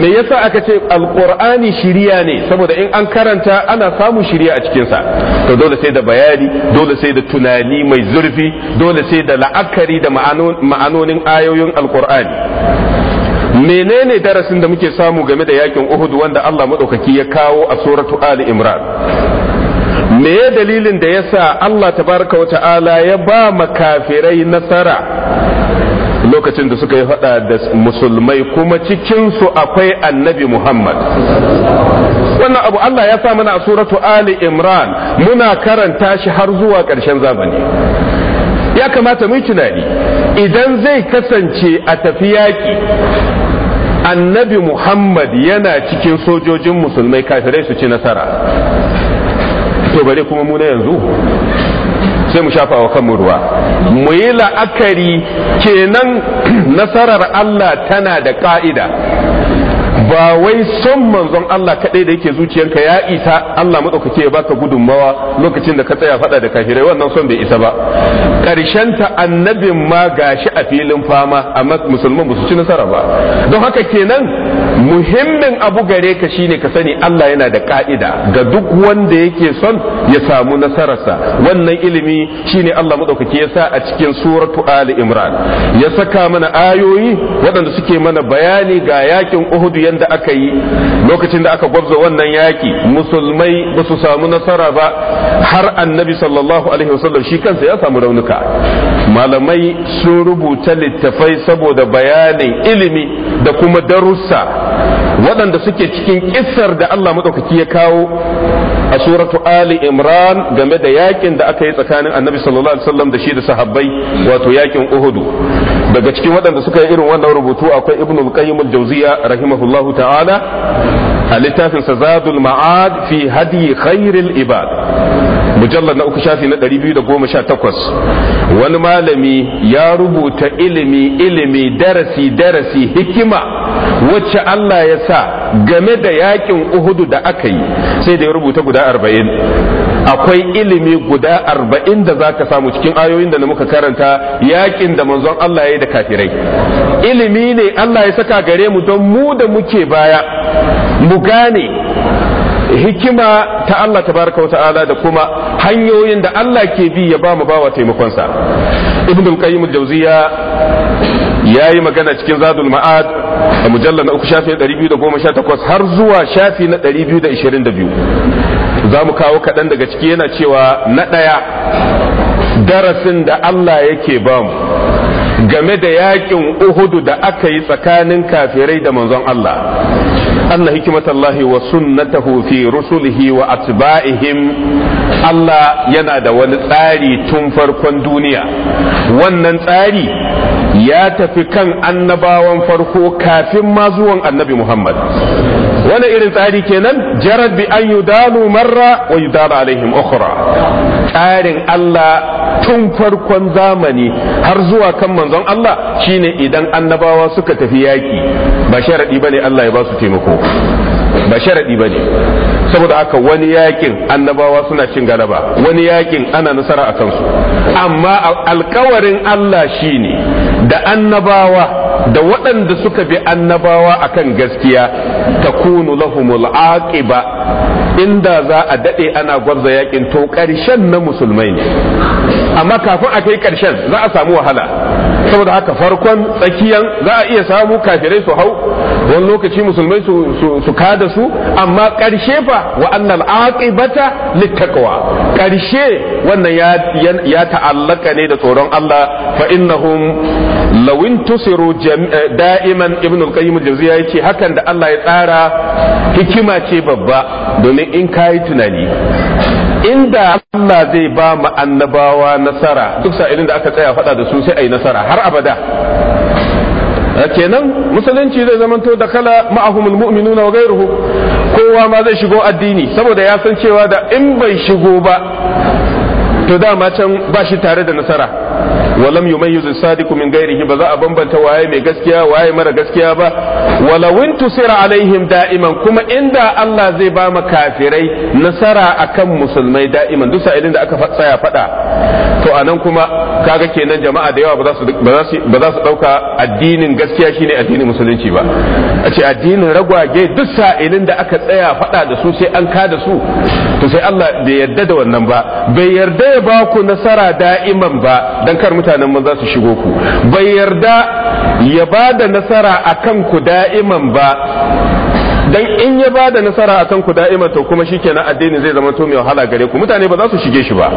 me yasa aka ce alqur'ani shiriya ne saboda in an karanta ana samu shiriya a cikin sa to dole sai da bayani dole sai da tunani mai zurfi dole sai da la'akari da ma'anonin ayoyin alqur'ani menene darasin da muke samu game da yakin Uhud wanda Allah madaukaki ya kawo a suratu Ali Imran me dalilin da yasa Allah tabaraka wa ta'ala ya ba makafirai nasara lokacin da suka yi fada da musulmai kuma cikinsu akwai annabi Muhammad wannan abu Allah ya sa mana a suratu Ali Imran muna karanta shi har zuwa karshen zamani ya kamata mu yi tunani idan zai kasance a tafi yaƙi annabi muhammad yana cikin sojojin musulmai kafirai su ci nasara to bare kuma mu na yanzu sai mu shafa wa kanmu ruwa mu yi la'akari kenan nasarar Allah tana da ka'ida ba wai son manzon Allah kaɗai da yake zuciyarka ya isa Allah maɗaukaki ya baka gudunmawa lokacin da ka tsaya faɗa da kafirai wannan son bai isa ba ta annabin ma gashi a filin fama amma musulman ba ci nasara ba don haka kenan muhimmin abu gare ka shine ka sani Allah yana da ka'ida ga duk wanda yake son ya samu nasararsa wannan ilimi shine Allah maɗaukaki ya sa a cikin suratu Ali Imran ya saka mana ayoyi waɗanda suke mana bayani ga yakin Uhud yanda da aka yi lokacin da aka gwabza wannan yaki musulmai ba su samu nasara ba har annabi sallallahu alaihi wasallam shi kansa ya samu raunuka malamai sun rubuta littafai saboda bayanin ilimi da kuma darussa waɗanda suke cikin kissar da Allah maɗaukaki ya kawo a suratu Ali Imran game da yakin da aka yi tsakanin Annabi sallallahu alaihi wasallam da shi da sahabbai wato yakin Uhud daga cikin waɗanda suka yi irin wannan rubutu akwai ibn al-qayyim al-jawziya rahimahullahu ta'ala a littafin sa zadul ma'ad fi hadi khairil ibad Mujallar na uku shafi na 218 wani malami ya rubuta ilimi ilimi darasi darasi hikima wacce Allah ya sa game da yakin Uhudu da aka yi sai da ya rubuta guda 40 akwai ilimi guda arba'in da za ka samu cikin ayoyin da muka karanta yakin da manzon Allah ya yi da kafirai ilimi ne Allah ya saka gare mu don mu da muke baya mu gane hikima ta Allah tabaraka wa ta'ala da kuma hanyoyin da Allah ke bi ya ba mu bawa taimakonsa ibn al-qayyim al-jawziya yayi magana cikin zadul ma'ad a mujallar na uku shafi 218 har zuwa shafi na 222 za mu kawo kaɗan daga ciki yana cewa na ɗaya darasin da Allah yake bamu game da yakin uhudu da aka yi tsakanin kafirai da manzon Allah Allah hikimatallahi wa sunnatahu fi rusulihi wa atba'ihim Allah yana da wani tsari tun farkon duniya wannan tsari ya tafi kan annabawan farko kafin ma zuwan annabi Muhammad wani irin tsari kenan jarad bi an yudalu marra wa yudalu alaihim ukhra tsarin Allah tun farkon zamani har zuwa kan manzon Allah shine idan annabawa suka tafi yaki ba sharadi bane Allah ya ba su taimako ba sharadi ne saboda aka wani yakin annabawa suna cin galaba wani yakin ana nasara a kansu amma alkawarin Allah shine da annabawa da waɗanda suka bi annabawa akan gaskiya takunu lahumul aqiba inda za a dade ana gwarza yakin to ƙarshen na musulmai ne amma kafin a kai ƙarshen za a samu wahala saboda haka farkon tsakiyan za a iya samu kafirai su hau wani lokaci musulmai su kada su amma ƙarshe fa wa annal aqibata littaqwa ƙarshe wannan ya ta'allaka ne da tsoron Allah fa innahum law intusiru eh, da'iman ibn al-qayyim al-jawziya yace hakan da Allah ya tsara hikima ce babba domin in kai tunani inda Allah zai ba mu annabawa nasara duk sa'ilin da aka tsaya faɗa da su sai ayi nasara har abada kenan musulunci zai zamanto da kala ma'ahumul mu'minuna wa gairuhu kowa ma zai shigo addini saboda ya san cewa da in bai shigo ba to dama can ba shi tare da nasara walam yumayyiz as-sadiqu min ghairihi ba za a bambanta waye mai gaskiya waye mara gaskiya ba walawin tusira alaihim da'iman kuma inda Allah zai ba mu kafirai nasara akan musulmai da'iman duk sa'ilin da aka tsaya fada to anan kuma kaga kenan jama'a da yawa ba za su ba za dauka addinin gaskiya shine addinin musulunci ba a ce addinin ragwage duk sa'ilin da aka tsaya fada da su sai an kada su to sai Allah bai yarda da wannan ba bai yarda zai ba ku nasara da'iman ba don kar mutanen maza su shigo ku bai yarda ya ba da nasara a kan ku da'iman ba dan in ya da nasara akan ku da'ima to kuma shikenan addini zai zama to mai wahala gare ku mutane ba za su shige shi ba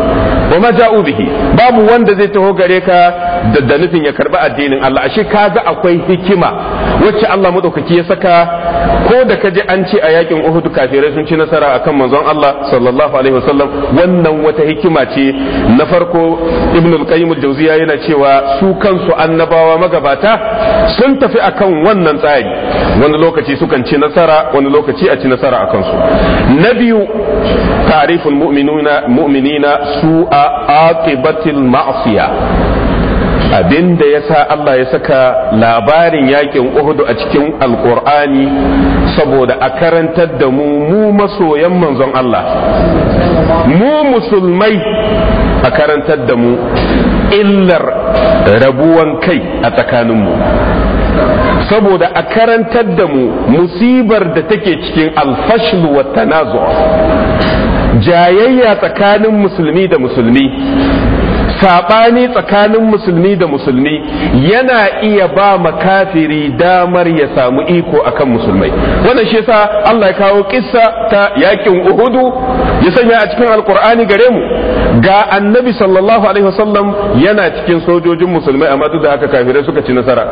Ba ma ja'u bihi babu wanda zai taho gare ka da nufin ya karba addinin Allah ashe kaga akwai hikima wacce Allah madaukaki ya saka ko da kaje an ce a yakin Uhud kafirai sun ci nasara akan manzon Allah sallallahu alaihi wasallam wannan wata hikima ce na farko Ibn al-Qayyim al-Jawziya yana cewa su kansu annabawa magabata sun tafi akan wannan tsari wani lokaci sukan ci nasara wani lokaci a ci nasara a kansu na biyu tarifin mu'minina su a aqibatil ma'siya abin da ya sa Allah ya saka labarin yakin Uhud a cikin alkur'ani saboda a karantar da mu mu masoyan manzon Allah mu musulmai a karantar da mu illar rabuwan kai a tsakaninmu saboda a karantar da mu musibar da take cikin alfashlu wa tanazu jayayya tsakanin musulmi da musulmi saɓani tsakanin musulmi da musulmi yana iya ba makafiri damar ya samu iko akan musulmai wannan shi yasa Allah ya kawo kissa ta yakin Uhudu ya sanya a cikin alkur'ani gare mu ga annabi sallallahu alaihi wasallam yana cikin sojojin musulmai amma duk da haka kafirai suka ci nasara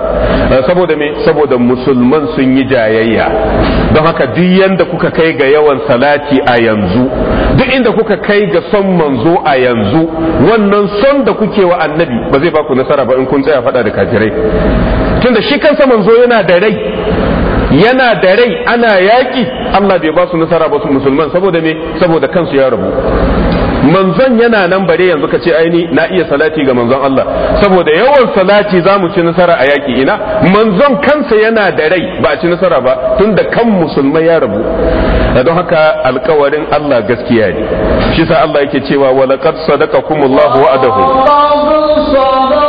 eh, saboda me saboda musulman sun yi jayayya don haka duk yanda kuka kai ga yawan salati a yanzu duk inda kuka kai ga son manzo a yanzu wannan son da kuke wa annabi ba zai ba ku nasara ba in kun tsaya faɗa da kafirai tunda shi kansa manzo yana da rai yana da rai ana yaƙi Allah bai ba su nasara ba su musulman saboda me saboda kansu ya rabu manzon yana nan bare yanzu ka ce aini na iya salati ga manzon Allah saboda yawan salati za mu ci nasara a yaki ina manzon kansa yana da rai ba a ci nasara ba tun da kan musulmai ya rabu don haka alkawarin Allah gaskiya ne shi sa Allah yake cewa walaqad sadaqakumullahu wa'adahu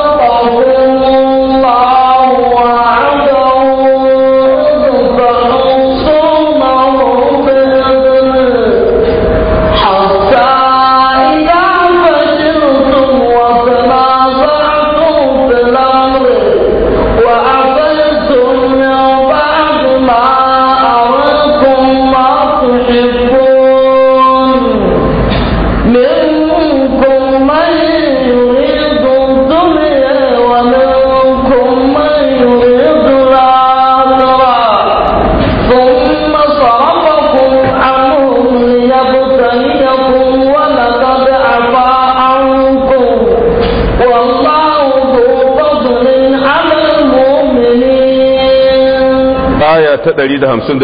ta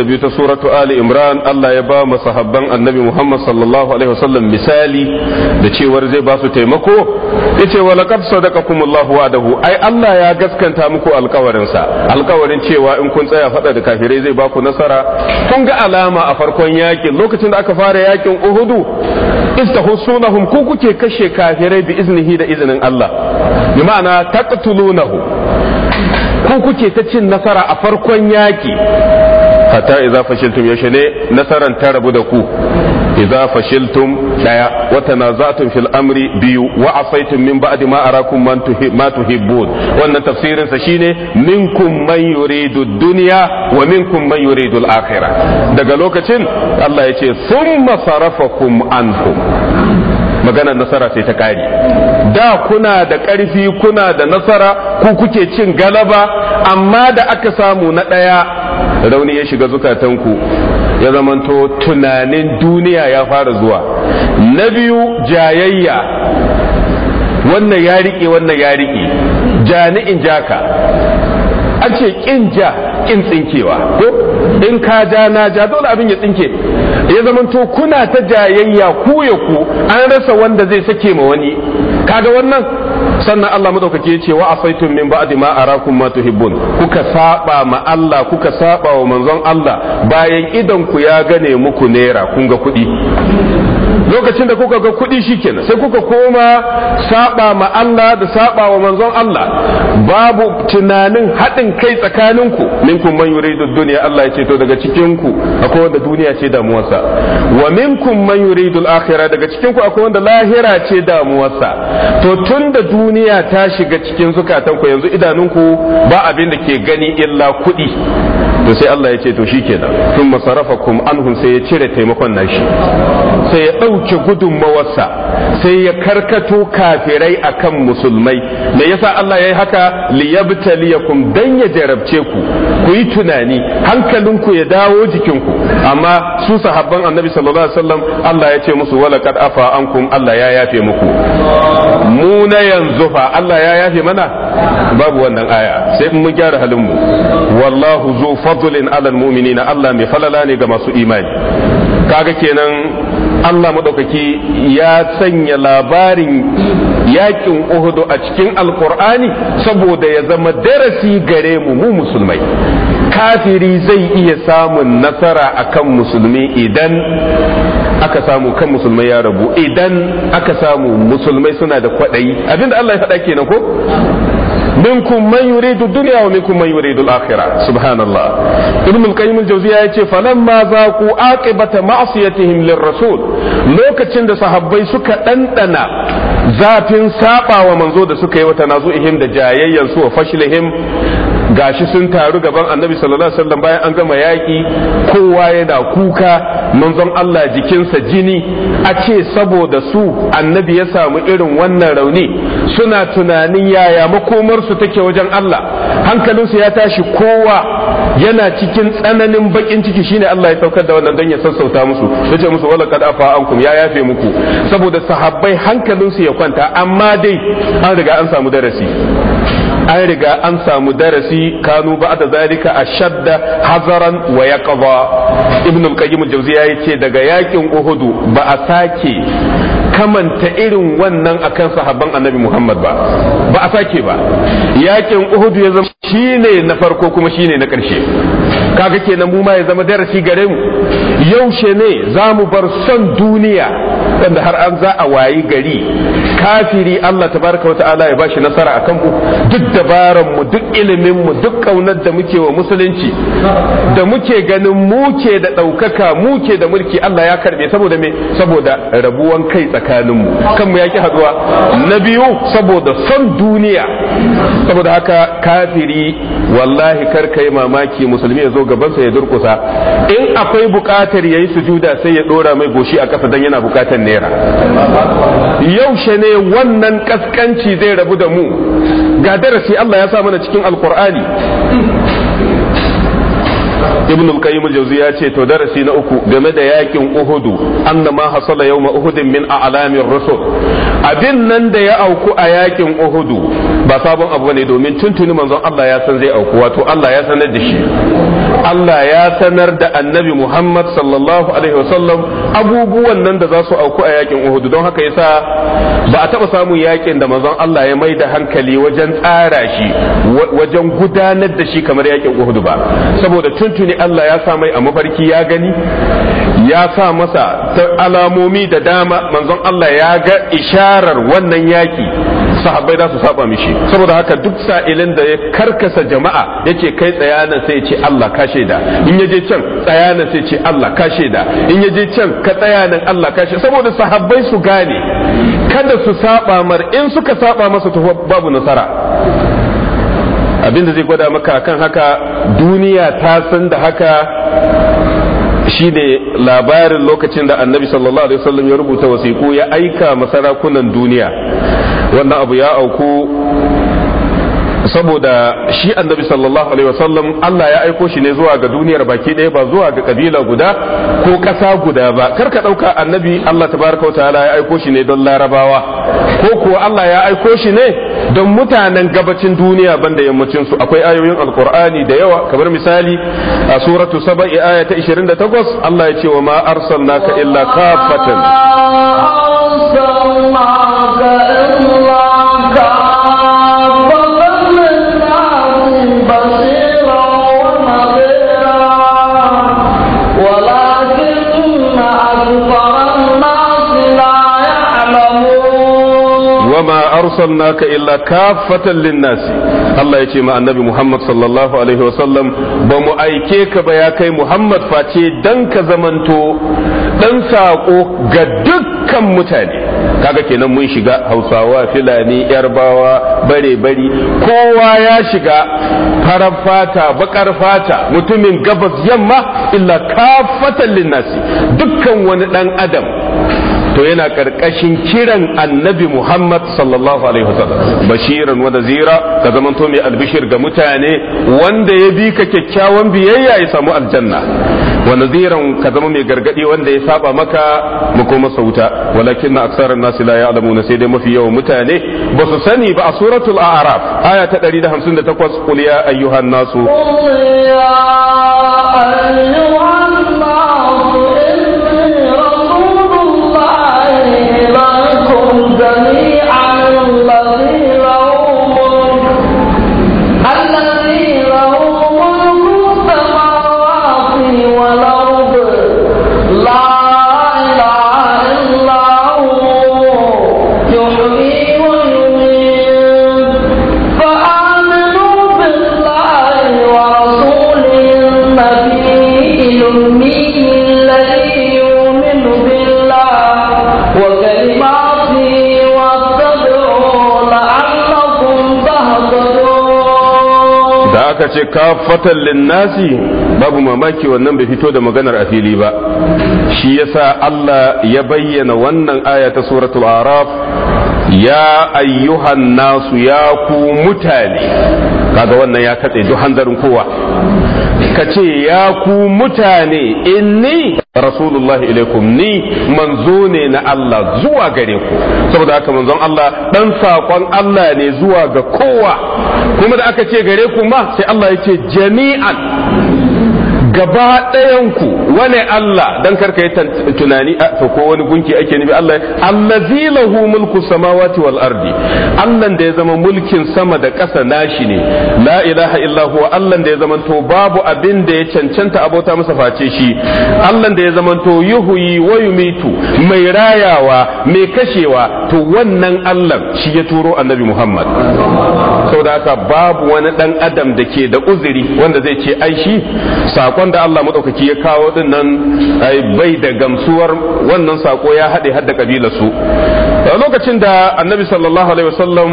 biyu ta suratu Ali Imran Allah ya ba mu sahabban Annabi Muhammad sallallahu alaihi wasallam misali da cewar zai ba su taimako yace wa laqad wa dahu. ai Allah ya gaskanta muku alkawarinsa sa alkawarin cewa in kun tsaya faɗa da kafirai zai ba ku nasara kun ga alama a farkon yakin lokacin da aka fara yakin Uhudu istahussunahum ku kuke kashe kafirai bi iznihi da izinin Allah bi ma'ana taqtulunahu ku kuke ta cin nasara a farkon yaki hatta idza fashiltum yaushe ne nasaran ta rabu da ku idza fashiltum daya wa tanaza'tum fil amri biyu wa asaytum min ba'di ma arakum man ma tuhibbun wannan tafsirin sa shine minkum man yuridu dunya wa minkum man yuridu al akhirah daga lokacin Allah ya yace summa sarafakum anhum maganar nasara sai ta kare da kuna da ƙarfi kuna da nasara ku kuke cin galaba amma da aka samu na ɗaya rauni ya shiga zukatanku ya zamanto tunanin duniya ya fara zuwa na biyu jayayya wannan ya riƙe wannan ya riƙe jani'in jaka a ce ƙin ja haƙƙin tsinkewa ko in ka ja na ja dole abin ya tsinke ya zamanto kuna ta jayayya ku ya ku an rasa wanda zai sake ma wani kaga wannan sannan Allah madaukake ya ce wa asaitum min ba'di ma arakum ma tuhibbun kuka saba ma Allah kuka saba wa manzon Allah bayan idan ku ya gane muku nera kun ga kuɗi lokacin da kuka ga kuɗi shikenan sai kuka koma saba ma Allah da saba wa manzon Allah babu tunanin haɗin kai tsakaninku minkum man yuridu dunya Allah yace ce to daga cikinku akwai wanda duniya ce damuwarsa wa minkum man yuridu al-akhirah daga cikinku akwai wanda lahira ce damuwarsa to tunda duniya ta shiga cikin zukatanku yanzu idanunku ba abin da ke gani illa kuɗi to sai Allah ya ce to shikenan sun kum anhun sai ya cire taimakon nashi sai ya ɗauke gudunmawarsa sai ya karkato kafirai akan musulmai me yasa Allah ya yi haka liyabtaliyakum dan ya jarabce ku ku yi tunani hankalinku ya dawo jikinku amma su sahabban annabi sallallahu alaihi wasallam Allah ya ce musu wala afa ankum Allah ya yafe muku mu na yanzu fa Allah ya yafe mana babu wannan aya sai mun gyara halin mu wallahu zufa fadlin ala almu'minina Allah mai falala ne ga masu imani kaga kenan Allah madaukaki ya sanya labarin yakin uhudu a cikin Alkur'ani saboda ya zama darasi gare mu mu musulmai kafiri zai iya samun nasara akan musulmi idan aka samu kan musulmai ya rabu idan aka samu musulmai suna da kwaɗayi abinda Allah ya faɗa kenan ko minkum man yuridu dunya wa minkum man yuridu al-akhirah subhanallah ibn al-qayyim al-jawziya yace falamma zaqu aqibata ma'siyatihim lir-rasul lokacin da sahabbai suka dandana zafin saba manzo da suka yi wata nazu'ihim da jayayyan su wa him. gashi sun taru gaban annabi sallallahu alaihi wasallam bayan an gama yaƙi kowa yana kuka manzon Allah jikinsa jini a ce saboda su annabi ya samu irin wannan rauni suna tunanin yaya makomarsu take wajen Allah hankalinsu ya tashi kowa yana cikin tsananin bakin ciki shine Allah ya saukar da wannan don ya sassauta musu yace musu wala kad afa ankum ya yafe muku saboda sahabbai hankalinsu ya kwanta amma dai an riga an samu darasi an riga an samu darasi kanu ba da zalika a shadda hazaran wa ya qaba ibn al-qayyim al yace daga yakin uhudu ba a sake kamanta irin wannan akan sahabban annabi Muhammad ba ba a sake ba yakin Uhudu ya zama shi ne na farko kuma shine na ƙarshe kaga kenan mu ma ya zama darasi gare mu yaushe ne za mu bar son duniya wanda har an za a wayi gari kafiri Allah tabaraka wa ta'ala ya bashi nasara akan ku duk dabaran mu duk ilimin mu duk kaunar da muke wa musulunci da muke ganin muke da ɗaukaka muke da mulki Allah ya karbe saboda me saboda rabuwan kai tsakaninmu kanmu ya ki haduwa na biyu saboda son duniya saboda haka kafiri wallahi kar kai mamaki musulmi ya zo gabansa ya durkusa in akwai bukatar yayi sujuda sai ya dora mai goshi a kasa dan yana buƙatar naira yaushe ne wannan kaskanci zai rabu da mu ga darasi Allah ya sa mana cikin alkur'ani ibn al-qayyim al-jawzi ya ce to darasi na uku game da yakin uhudu ma hasala yawma uhudin min a'lamir rusul abin nan da ya auku a yakin uhudu ba sabon abu ne domin tuntuni manzon Allah ya san zai auku wato Allah ya sanar da shi Allah ya sanar da annabi Muhammad sallallahu alaihi wasallam abubuwan nan da za su auku a yakin uhudu don haka yasa ba a taba samun yakin da manzon Allah ya mai da hankali wajen tsara shi wajen gudanar da shi kamar yakin uhudu ba saboda tuntuni ubangiji Allah ya sa mai a mafarki ya gani ya sa masa ta alamomi da dama manzon Allah ya ga isharar wannan yaki sahabbai za su saba mishi saboda haka duk sa'ilin da ya karkasa jama'a yake kai tsayanan sai ce Allah ka shaida in yaje can tsayanan sai ce Allah ka shaida in yaje can ka tsayanan Allah ka shaida saboda sahabbai su gane kada su saba mar in suka saba masa to babu nasara abinda zai gwada maka kan haka duniya ta san da haka shi ne labarin lokacin da annabi sallallahu alaihi wasallam ya rubuta wasiku ya aika masarakunan duniya wannan abu ya auku saboda shi annabi sallallahu alaihi wasallam Allah ya aiko shi ne zuwa ga duniyar baki ɗaya ba zuwa ga kabila guda ko ƙasa guda ba kar ka ɗauka annabi Allah tabaraka wa ta'ala ya aiko shi ne don larabawa ko kuwa Allah ya aiko shi ne don mutanen gabacin duniya banda yammacin su akwai ayoyin alkur'ani da yawa kamar misali a suratu saba'i aya ta 28 Allah ya ce wa ma arsalnaka illa kafatan wama arsalnaka illa kafatan linnasi Allah ya ce ma annabi Muhammad sallallahu alaihi wasallam ba mu aike ka ba ya kai Muhammad face dan ka zamanto dan sako ga dukkan mutane kaga kenan mun shiga Hausawa Fulani Yarbawa bare bari kowa ya shiga farar fata bakar fata mutumin gabas yamma illa kafatan linnasi dukkan wani dan adam to yana karkashin kiran annabi Muhammad sallallahu alaihi wasallam bashiran wa nazira ka zamanto mai albishir ga mutane wanda ya bi ka kyakkyawan biyayya ya samu aljanna wa naziran ka zama mai gargadi wanda ya saba maka mu kuma sauta walakin aksaran nas la ya'lamuna sai dai mafi yawan mutane ba su sani ba a suratul a'raf aya ta 158 qul ya ayyuhan nasu ya ayyuhan aka ce kafatan linnasi babu mamaki wannan bai fito da maganar a fili ba shi yasa Allah ya bayyana wannan aya ta suratul araf ya ayyuhan nasu ya ku mutane kaga wannan ya katse duk hanzarin kowa kace ce ya ku mutane inni rasulullahi ilaikum ni manzo ne na Allah zuwa gare ku saboda haka manzon Allah Ɗan saƙon Allah ne zuwa ga kowa kuma da aka ce gare ku ma sai Allah ya ce jami'an gaba ku wane Allah dan karka yi tunani a ko wani gunki ake nufi Allah allazi lahu mulku samawati wal ardi Allah da ya zama mulkin sama da ƙasa nashi ne la ilaha illa huwa Allah da ya zama to babu abin da ya cancanta abota masa face shi Allah da ya zama to yuhyi wa yumitu mai rayawa mai kashewa to wannan Allah shi ya turo annabi Muhammad saboda haka babu wani dan adam da ke da uzuri wanda zai ce ai shi sakon sakon da Allah madaukaki ya kawo din nan bai da gamsuwar wannan sako ya haɗe har da kabilar lokacin da annabi sallallahu alaihi wasallam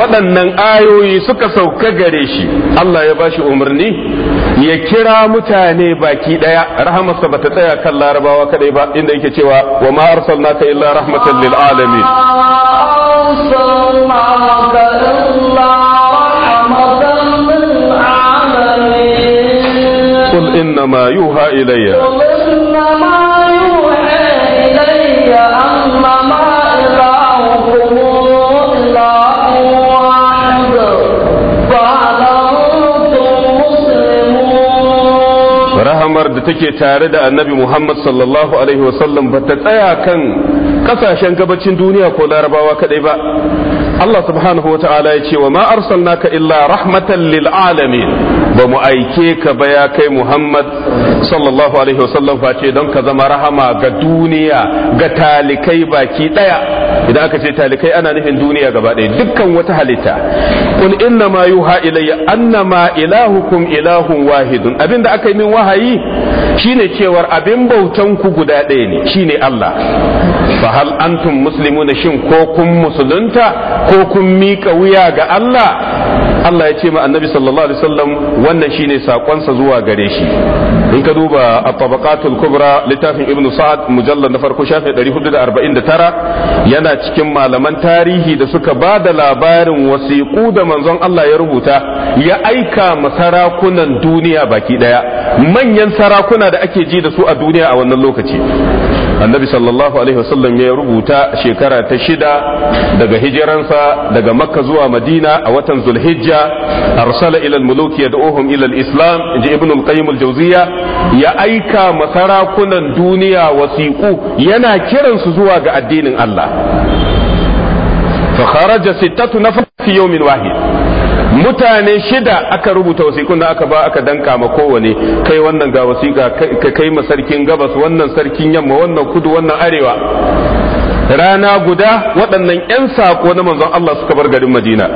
waɗannan ayoyi suka sauka gare shi Allah ya bashi umarni ya kira mutane baki ɗaya rahamarsa bata tsaya kan larabawa kadai ba inda yake cewa wa ma arsalnaka illa rahmatan lil alamin ما يوحى إلي ما يوحى إلي إلهكم واحد rahamar da take tare da annabi Muhammad sallallahu alaihi wasallam ba ta tsaya kan kasashen gabacin duniya ko larabawa kadai ba Allah subhanahu wa ta'ala ya ce wa ma arsalnaka illa rahmatan lil alamin ba mu aike ka ba ya kai Muhammad sallallahu alaihi wasallam face don ka zama rahama ga duniya ga talikai baki daya idan aka ce talikai ana nufin duniya gaba daya dukkan wata halitta kun inna ma yuha ilayya annama ilahukum ilahun wahidun abinda aka yi min wahayi shine cewar abin bautan ku guda ɗaya ne shine Allah fa hal antum muslimuna shin ko kun musulunta ko kun mika wuya ga Allah Allah ya ce ma annabi sallallahu alaihi wasallam wannan shine sakonsa zuwa gare shi in ka duba a tabaqatul kubra littafin ibnu sa'ad mujallar na farko shafi 449 yana cikin malaman tarihi da suka ba da labarin wasiƙu da manzon Allah ya rubuta ya aika ma sarakunan duniya baki daya manyan sarakuna da ake ji da su a duniya a wannan lokaci annabi sallallahu alaihi wasallam ya rubuta shekara ta shida daga hijiransa daga makka zuwa madina a watan zulhijja arsala ila al da yad'uhum ila al-islam inji ibn al-qayyim al ya aika masarakunan duniya wasiqu yana kiransu zuwa ga addinin Allah fa kharaja sittatu nafar fi yawmin wahid mutane shida aka rubuta wasiƙun da aka ba aka danka ma kowane kai wannan ga wasiƙa ka kai ma sarkin gabas wannan sarkin yamma wannan kudu wannan arewa rana guda waɗannan 'yan saƙo na manzon Allah suka bar garin Madina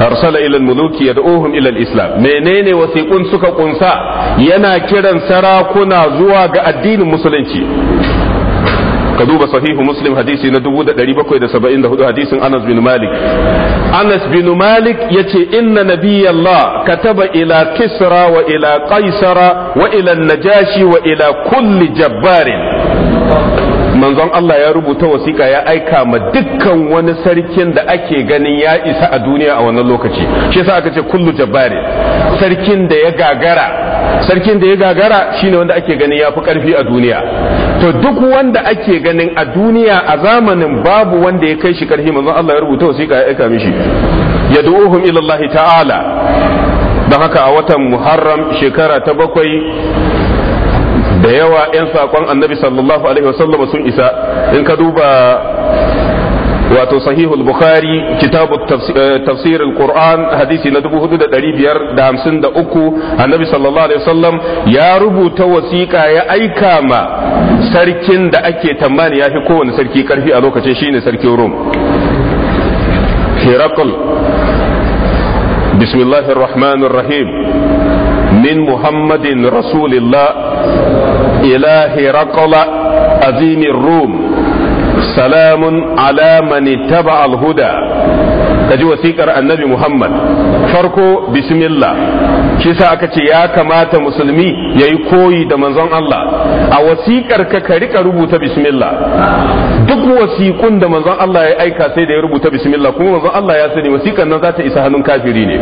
arsala ila muluki yad'uhum ila islam menene wasiƙun suka kunsa yana kiran sarakuna zuwa ga addinin musulunci ka duba sahihu muslim hadisi na hudu hadisin anas bin malik anas bin malik ya ce inna nabiyallah kataba ila kisra wa ila qaisara wa ila najashi wa ila kulli jabbarin manzon Allah ya rubuta wasiƙa ya aika ma dukkan wani sarkin da ake ganin ya isa a duniya a wannan lokaci shi yasa aka ce kullu jabbari sarkin da ya gagara sarkin da ya gagara shine wanda ake ganin ya fi karfi a duniya to duk wanda ake ganin a duniya a zamanin babu wanda ya kai shi karfi manzon Allah ya rubuta wasiƙa ya aika mishi yad'uhum ila Allah ta'ala don haka a watan Muharram shekara ta bakwai da yawa 'yan saƙon annabi sallallahu alaihi wasallam sun isa in ka duba wato sahihul bukhari kitabu eh, tafsir al-qur'an hadisi na 4553 annabi sallallahu alaihi wasallam ya rubuta wasiƙa ya aika ma sarkin da ake tambani fi kowane sarki karfi a lokacin shine sarkin rum hirakul bismillahir rahmanir rahim min muhammadin rasulillah إلى هرقل أذين الروم سلام على من اتبع الهدى ka ji wasikar annabi muhammad farko bismillah shi sa aka ce ya kamata musulmi ya yi koyi da manzon Allah a wasikar ka ka rika rubuta bismillah duk wasikun da manzon Allah ya aika sai da ya rubuta bismillah kuma manzon Allah ya sani wasikar nan za ta isa hannun kafiri ne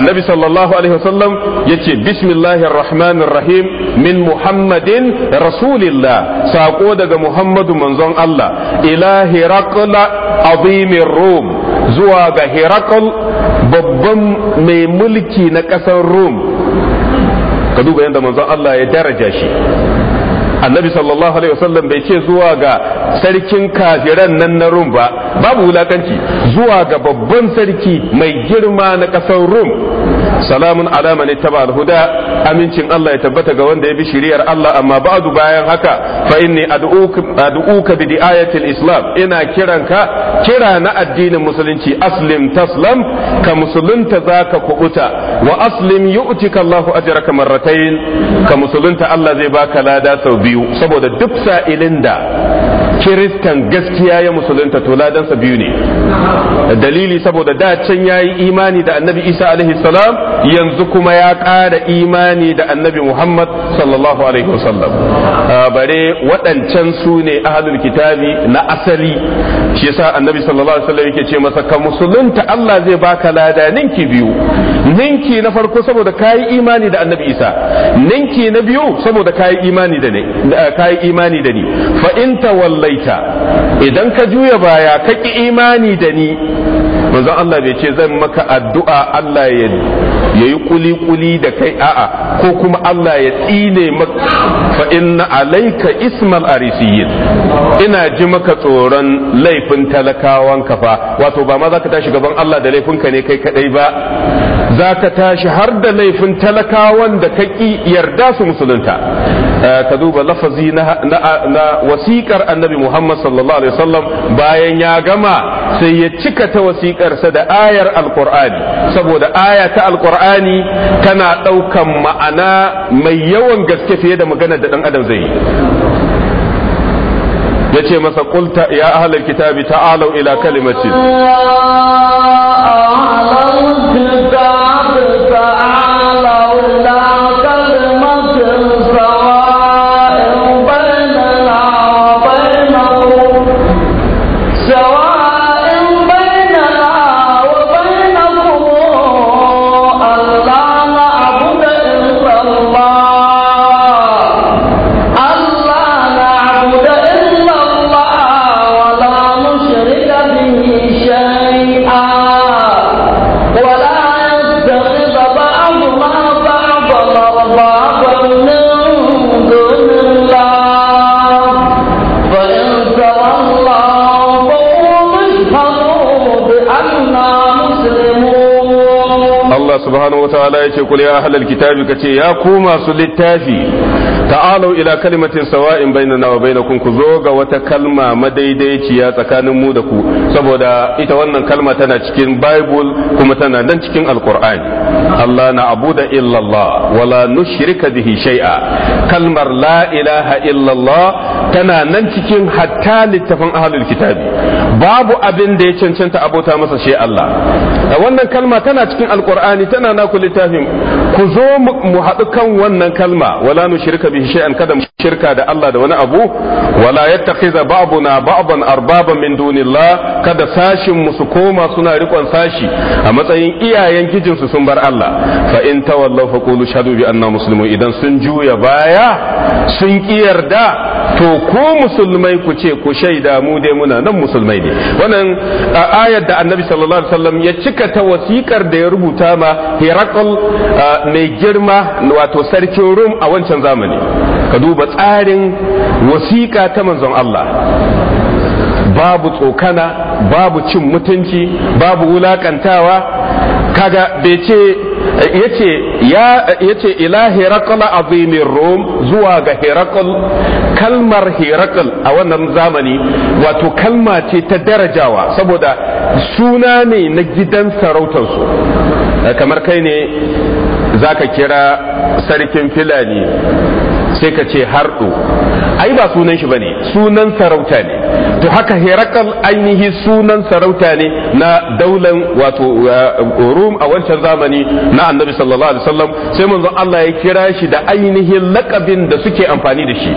annabi sallallahu alaihi wasallam yace bismillahir rahmanir rahim min muhammadin rasulillah sako daga muhammadu manzon Allah ila hiraqla azimir rum zuwa ga herakl babban mai mulki na ƙasar rome ka duba yadda manzon Allah ya daraja shi annabi sallallahu alaihi wasallam bai ce zuwa ga sarkin kafiran nan na rum ba babu wulakanci zuwa ga babban sarki mai girma na ƙasar rum salamun alama ne taba alhuda amincin Allah ya tabbata ga wanda ya bi shiriyar Allah amma ba'du bayan haka fa inni ad'uka bi di'ayatil islam ina kiranka kira na addinin musulunci aslim taslam ka musulunta zaka kubuta wa aslim yu'tika Allahu ajraka marratayn ka musulunta Allah zai baka lada sau biyu biyu saboda duk sa'ilin da kiristan gaskiya ya musulunta to ladansa biyu ne dalili saboda da can ya yi imani da annabi isa alaihi salam yanzu kuma ya ƙara imani da annabi muhammad sallallahu alaihi wasallam ah, bare waɗancan su ne ahlul kitabi na asali shi yasa annabi sallallahu alaihi wasallam yake ce masa ka musulunta Allah zai baka lada ninki biyu ninki na farko saboda ka yi imani da annabi isa ninki na biyu saboda ka yi imani da ni fa in tawallai abaita idan ka juya baya ka ki imani da ni manzon Allah bai ce zan maka addu'a Allah ya yayi kuli kuli da kai a'a ko kuma Allah ya tsine maka fa inna alayka ismal arisiyin ina ji maka tsoron laifin talakawan ka fa wato ba ma zaka tashi gaban Allah da laifin ka ne kai kadai ba zaka tashi har da laifin talakawan da kaki yarda su musulunta Eh, ka duba lafazi na wasiƙar annabi Muhammad sallallahu alaihi wasallam bayan ya gama sai ya cika ta wasiƙarsa da ayar alkur'ani saboda aya ta alkur'ani tana ɗaukan ma'ana mai yawan gaske fiye da maganar da ɗan adam zai yi ya ce masa kulta ya ahalar kitabi ta'alau ila kalimatin Allah subhanahu wataala yace kul ya ahlal kitabi kace ya ku masu littafi ta'alu ila kalimatin sawa'in bainana wa bainakum ku zo ga wata kalma madaidaiciya tsakanin mu da ku saboda ita wannan kalma tana cikin bible kuma tana nan cikin alqur'ani Allah na abuda illa Allah wala nushrika bihi shay'a kalmar la ilaha illa tana nan cikin hatta littafin ahlul kitabi babu abin da ya cancanta abota masa shi Allah wannan kalma tana cikin alkur'ani tana naku littafin ku zo mu haɗu kan wannan kalma wala nu shirka bihi shay'an kada mu shirka da Allah da wani abu wala yattakhiza ba'duna ba'dan arbaban min dunillah kada sashin mu su koma suna rikon sashi a matsayin iyayen gijin su sun bar Allah fa in tawallaw fa qulu shahadu bi anna idan sun juya baya sun kiyarda to ko musulmai ku ce ku shaida mu dai muna nan musulmai ne wannan ayar da annabi sallallahu alaihi wasallam ya cika ta wasikar da ya rubuta ma herakl mai girma wato sarkin rum a wancan zamani ka duba tsarin wasiƙa ta manzon Allah babu tsokana babu cin mutunci babu wulaƙantawa kaga bai ce yace ya yace ila hirakal azimin rom zuwa ga hirakal kalmar hirakal a wannan zamani wato kalma ce ta darajawa saboda suna ne na gidan sarautarsu kamar kai ne zaka kira sarkin filani sai ka ce harɗo ai ba sunan shi bane sunan sarauta ne to haka herakal ainihi sunan sarauta ne na daulan wato eh, rum a wancan zamani na annabi sallallahu alaihi wasallam sai manzo Allah ya kira shi da ainihin lakabin da suke amfani da shi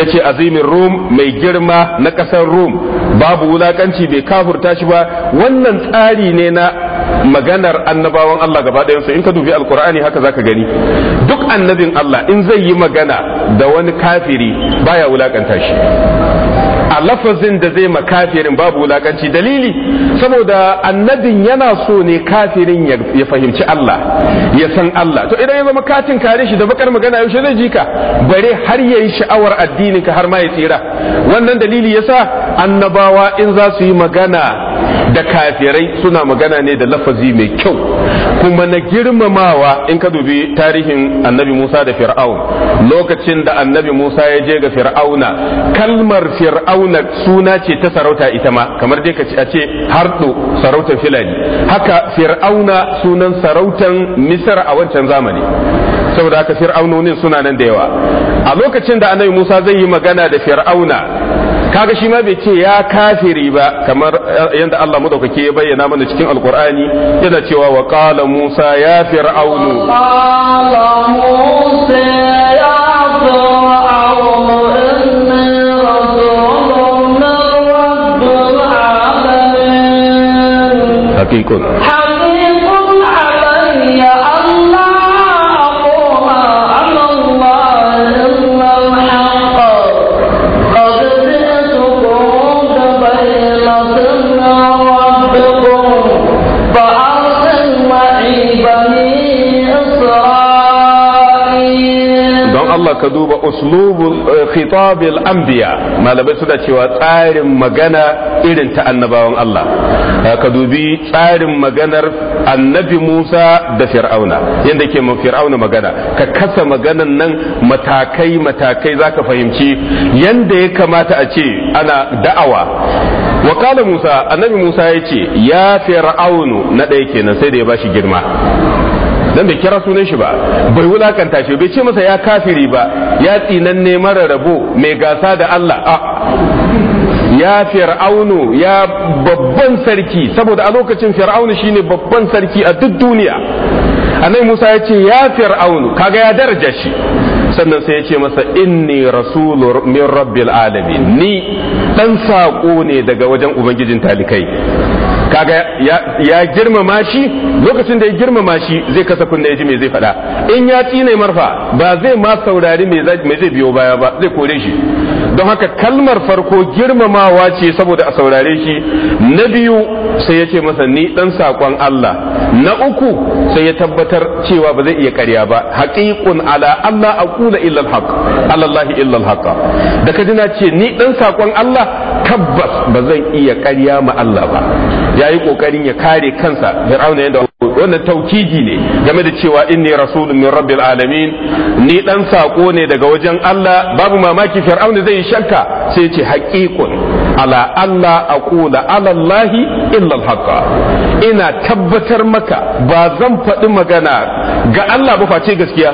yace azimin rum mai girma na kasar rum babu wulakanci bai kafurta shi ba wannan tsari ne na maganar annabawan Allah gaba su in ka dubi alkur'ani haka zaka gani duk annabin Allah in zai yi magana da wani kafiri baya wulakanta shi a lafazin da zai makafirin babu wulakanci dalili saboda annabin yana so ne kafirin ya fahimci Allah ya san Allah to idan ya zama katin kare shi da bakar magana yaushe zai jika bare har ya yi sha'awar addinin ka har ma ya tsira wannan dalili yasa annabawa in za su yi magana da kafirai suna magana ne da lafazi mai kyau kuma na girmamawa in ka dubi tarihin annabi Musa da Fir'aun lokacin da annabi Musa ya je ga Fir'auna kalmar Fir'auna suna ce ta sarauta ita ma kamar dai ka ce hardo sarautar Filani haka Fir'auna sunan sarautan Misar a wancan zamani saboda haka fir'aunonin suna nan da yawa a lokacin da annabi Musa zai yi magana da fir'auna kaga shi ma bai ce ya kafiri ba kamar yadda Allah madaukake ya bayyana mana cikin alkur'ani yana cewa wa qala musa ya fir'aunu qala musa ya fir'aunu حقيقة ka duba uslubu eh, khitabil anbiya malamai suna cewa tsarin magana irin ta annabawan Allah eh, ka dubi tsarin maganar annabi Musa da Fir'auna yadda ke Fir'auna magana ka kasa maganan nan matakai matakai zaka fahimci yadda ya kamata a ce ana da'awa wa Musa annabi Musa ya ce ya fir'aunu na ɗaya kenan sai da ya bashi girma dan bai kira sunan shi ba bai wulakanta shi bai ce masa ya kafiri ba ya tsinanne mara rabo mai gasa da Allah a ah. ya fir'aunu ya babban sarki saboda a lokacin fir'aunu shine babban sarki a duk duniya annabi Musa ya ce ya fir'aunu kaga ya daraja shi sannan sai ya ce masa inni rasulur min rabbil alamin ni dan saƙo ne daga wajen ubangijin talikai kaga ya girmama shi lokacin da ya girmama shi zai kasa kunna ya ji me zai faɗa in ya tsine marfa ba zai ma saurari me zai biyo baya ba zai kore shi don haka kalmar farko girmamawa ce saboda a saurare shi na biyu sai ya ce masa ni dan sakon Allah na uku sai ya tabbatar cewa ba zai iya karya ba haqiqun ala Allah aqula illa alhaq Allah illa alhaq da kadina ce ni dan saƙon Allah tabbas ba zan iya ƙarya ma Allah ba ya yi ƙoƙarin ya kare kansa fir'auna yadda wannan taukiji ne game da cewa in inni rasulun min rabbil alamin ni dan sako ne daga wajen Allah babu mamaki fir'auna zai shakka sai ce haƙiƙun ala Allah aqula ala Allah illa haka ina tabbatar maka ba zan faɗi magana ga Allah ba face gaskiya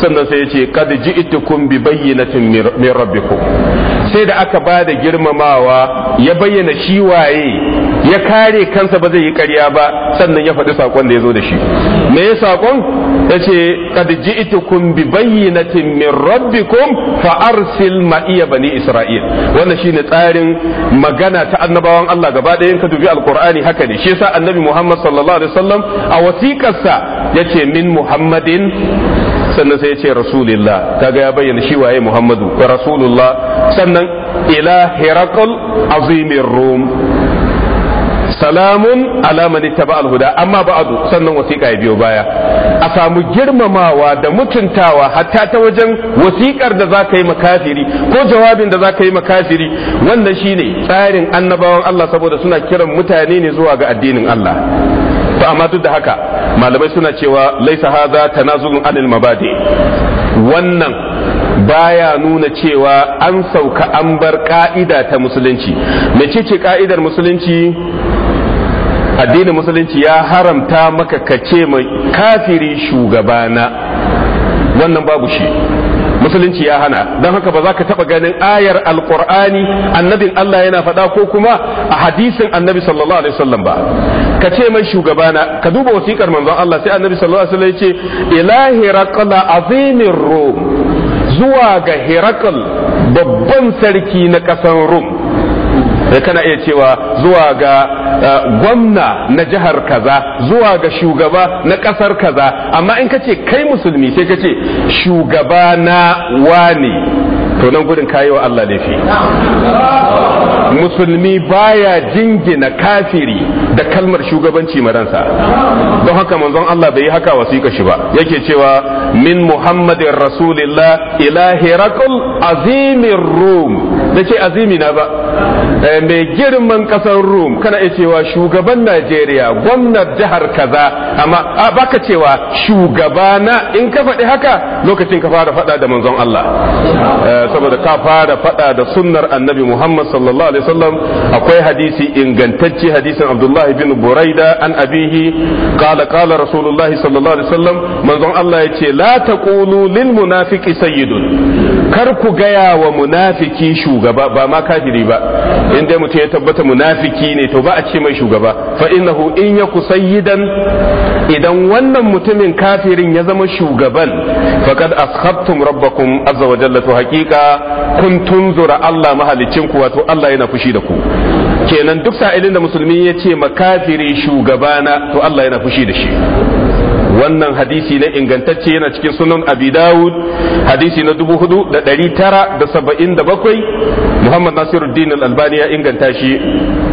sannan sai ya ce kad ji'tukum bi bayyinatin min rabbikum sai da aka ba da girmamawa ya bayyana shi waye ya kare kansa ba zai yi ƙarya ba sannan ya faɗi saƙon da ya zo da shi me ya saƙon ya ce kad ji'tukum bi bayyinatin min rabbikum fa arsil ma iya bani isra'il wannan shine tsarin magana ta annabawan Allah gaba in ka dubi alqur'ani haka ne shi yasa annabi Muhammad sallallahu alaihi wasallam a wasiƙarsa yace min Muhammadin sannan sai ya ce rasulillah kaga ya bayyana shi waye muhammadu rasulullah sannan ila herakul azimir rum salamun ta ba alhuda amma ba amma ba'du sannan wasiƙa ya biyo baya a samu girmamawa da mutuntawa hatta ta wajen wasiƙar da za ka yi makafiri ko jawabin da za ka yi makafiri wannan shine tsarin annabawan Allah saboda suna kiran mutane ne zuwa ga addinin Allah to amma duk da haka malamai suna cewa laisa hadha tanazulun anil mabadi wannan baya nuna cewa an sauka an bar ka'ida ta musulunci mecece ka'idar musulunci addinin musulunci ya haramta maka ka ce mai kafiri shugabana wannan babu shi musulunci ya hana don haka ba za ka taɓa ganin ayar alkur'ani annabin Allah yana faɗa ko kuma a hadisin annabi sallallahu alaihi wasallam ba ka ce mai shugabana ka duba wasiƙar manzon Allah sai annabi sallallahu alaihi wasallam ya ce ilahi raqala azimin rum zuwa ga hirakal babban sarki na ƙasar rum Eh, kana iya cewa zuwa ga eh, gwamna na jihar kaza zuwa ga shugaba na kasar kaza amma in ka ce kai musulmi sai ka ce shugaba na wani to nan gudun kayi wa Allah laifi musulmi baya jingina kafiri da kalmar shugabanci maransa don haka manzon Allah bai yi haka wasiƙa shi ba yake cewa min muhammadin rasulillah ilahi raqul azimir rum na ce azimi na ba eh, mai girman kasar rum kana iya cewa shugaban najeriya gwamnar jihar kaza amma a baka cewa shugabana in ka faɗi haka lokacin ka fara faɗa da manzon Allah eh, saboda ka fara faɗa da sunnar annabi muhammad sallallahu alaihi wasallam akwai hadisi ingantacce hadisin abdullahi bin buraida an abihi kala kala rasulullahi sallallahu alaihi wasallam manzon Allah ya ce la taqulu lil munafiqi sayyidun kar ku gaya wa munafiki shugaba shugaba ba ma kafiri ba in dai mutum ya tabbata munafiki ne to ba a ce mai shugaba fa innahu in ya sayyidan idan wannan mutumin kafirin ya zama shugaban faqad ashabtum rabbakum azza wa jalla to haqiqa kun tunzura Allah mahalicin ku wato Allah yana fushi da ku kenan duk sa'ilin da musulmi ya ce makafiri shugabana to Allah yana fushi da shi wannan hadisi na ingantacce yana cikin sunan abi dawud hadisi na da 4977 muhammad nasiruddin al-albani ya inganta shi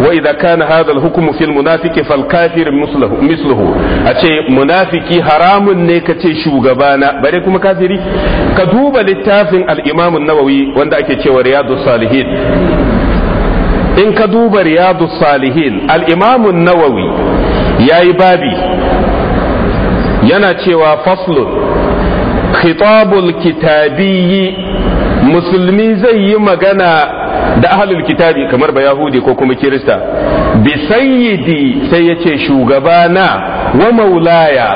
wa idza kana hadha al-hukm fi al-munafiqi fal kafir misluhu misluhu a ce munafiki haramun ne ka ce shugabana bare kuma kafiri ka duba littafin al-imam an-nawawi wanda ake cewa riyadus salihin in ka duba riyadus salihin al-imam an-nawawi yayi babi yana cewa faslun khitabul kitabiyyi musulmi zai yi magana da ahlul kitabi kamar ba yahudi ko kuma kirista bi sayyidi sai yace ce na wa maulaya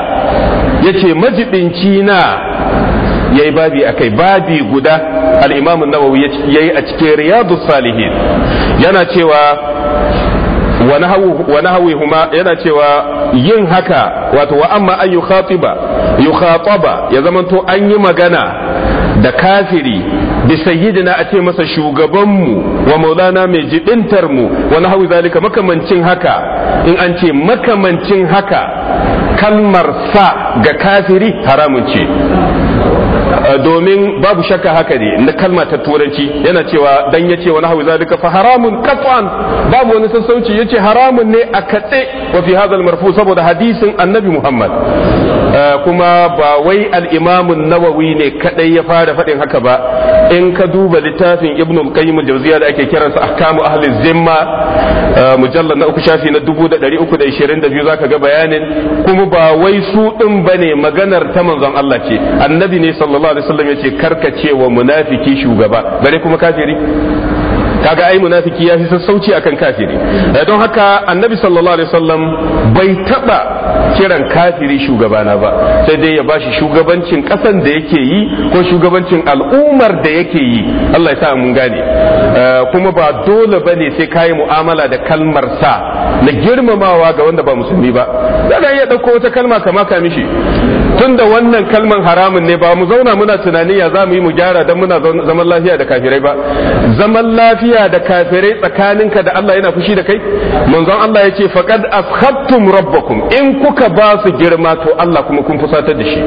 ya ce majibinci na ya yi babi a kai babi guda al'imamun nawawi ya yi a cikin riyadu salihin yana cewa wani huma yana cewa yin haka wato wa amma an yi yukhatiba ba ya zamanto an yi magana da kafiri bi sayyidina a ce masa shugabanmu wa maulana mai jibintar mu wani nahwi zalika makamancin haka in an ce makamancin haka kalmar sa ga kafiri haramun ce Eh, domin babu shakka haka ne na kalma ta turanci yana cewa dan yace wani hawi zalika fa haramun qat'an babu wani sassauci yace haramun ne a katse wa fi marfu saboda hadisin annabi Muhammad eh, kuma ba wai al-Imam an-Nawawi ne kadai ya fara fadin haka ba in ka duba littafin ibnu al-Qayyim al-Jawziyya da ake kiransa Ahkamu Ahli Zimma eh, mujallad na uku shafi na 1322 zaka ga bayanin kuma ba wai su din bane maganar ta manzon Allah ce annabi ne sallallahu sallallahu alaihi wasallam yace karkace wa munafiki shugaba bare kuma kafiri kaga ai munafiki ya fi sassauci akan kafiri eh, don haka annabi sallallahu alaihi wasallam bai taba kiran kafiri shugabana ba sai dai ya bashi shugabancin kasan da yake yi ko shugabancin al'ummar da yake yi Allah ya sa mun gane eh, kuma ba dole bane sai kai mu'amala da kalmar sa na girmamawa ga wanda ba musulmi ba daga ya dauko wata kalma kama ka mishi tunda wannan kalman haramun ne ba mu zauna muna tunani ya za mu yi mu gyara dan muna zaman lafiya da kafirai ba zaman lafiya jayayya da kafirai tsakaninka da Allah yana fushi da kai manzon Allah ya ce faqad afkhattum rabbakum in kuka ba su girma to Allah kuma kun fusatar da shi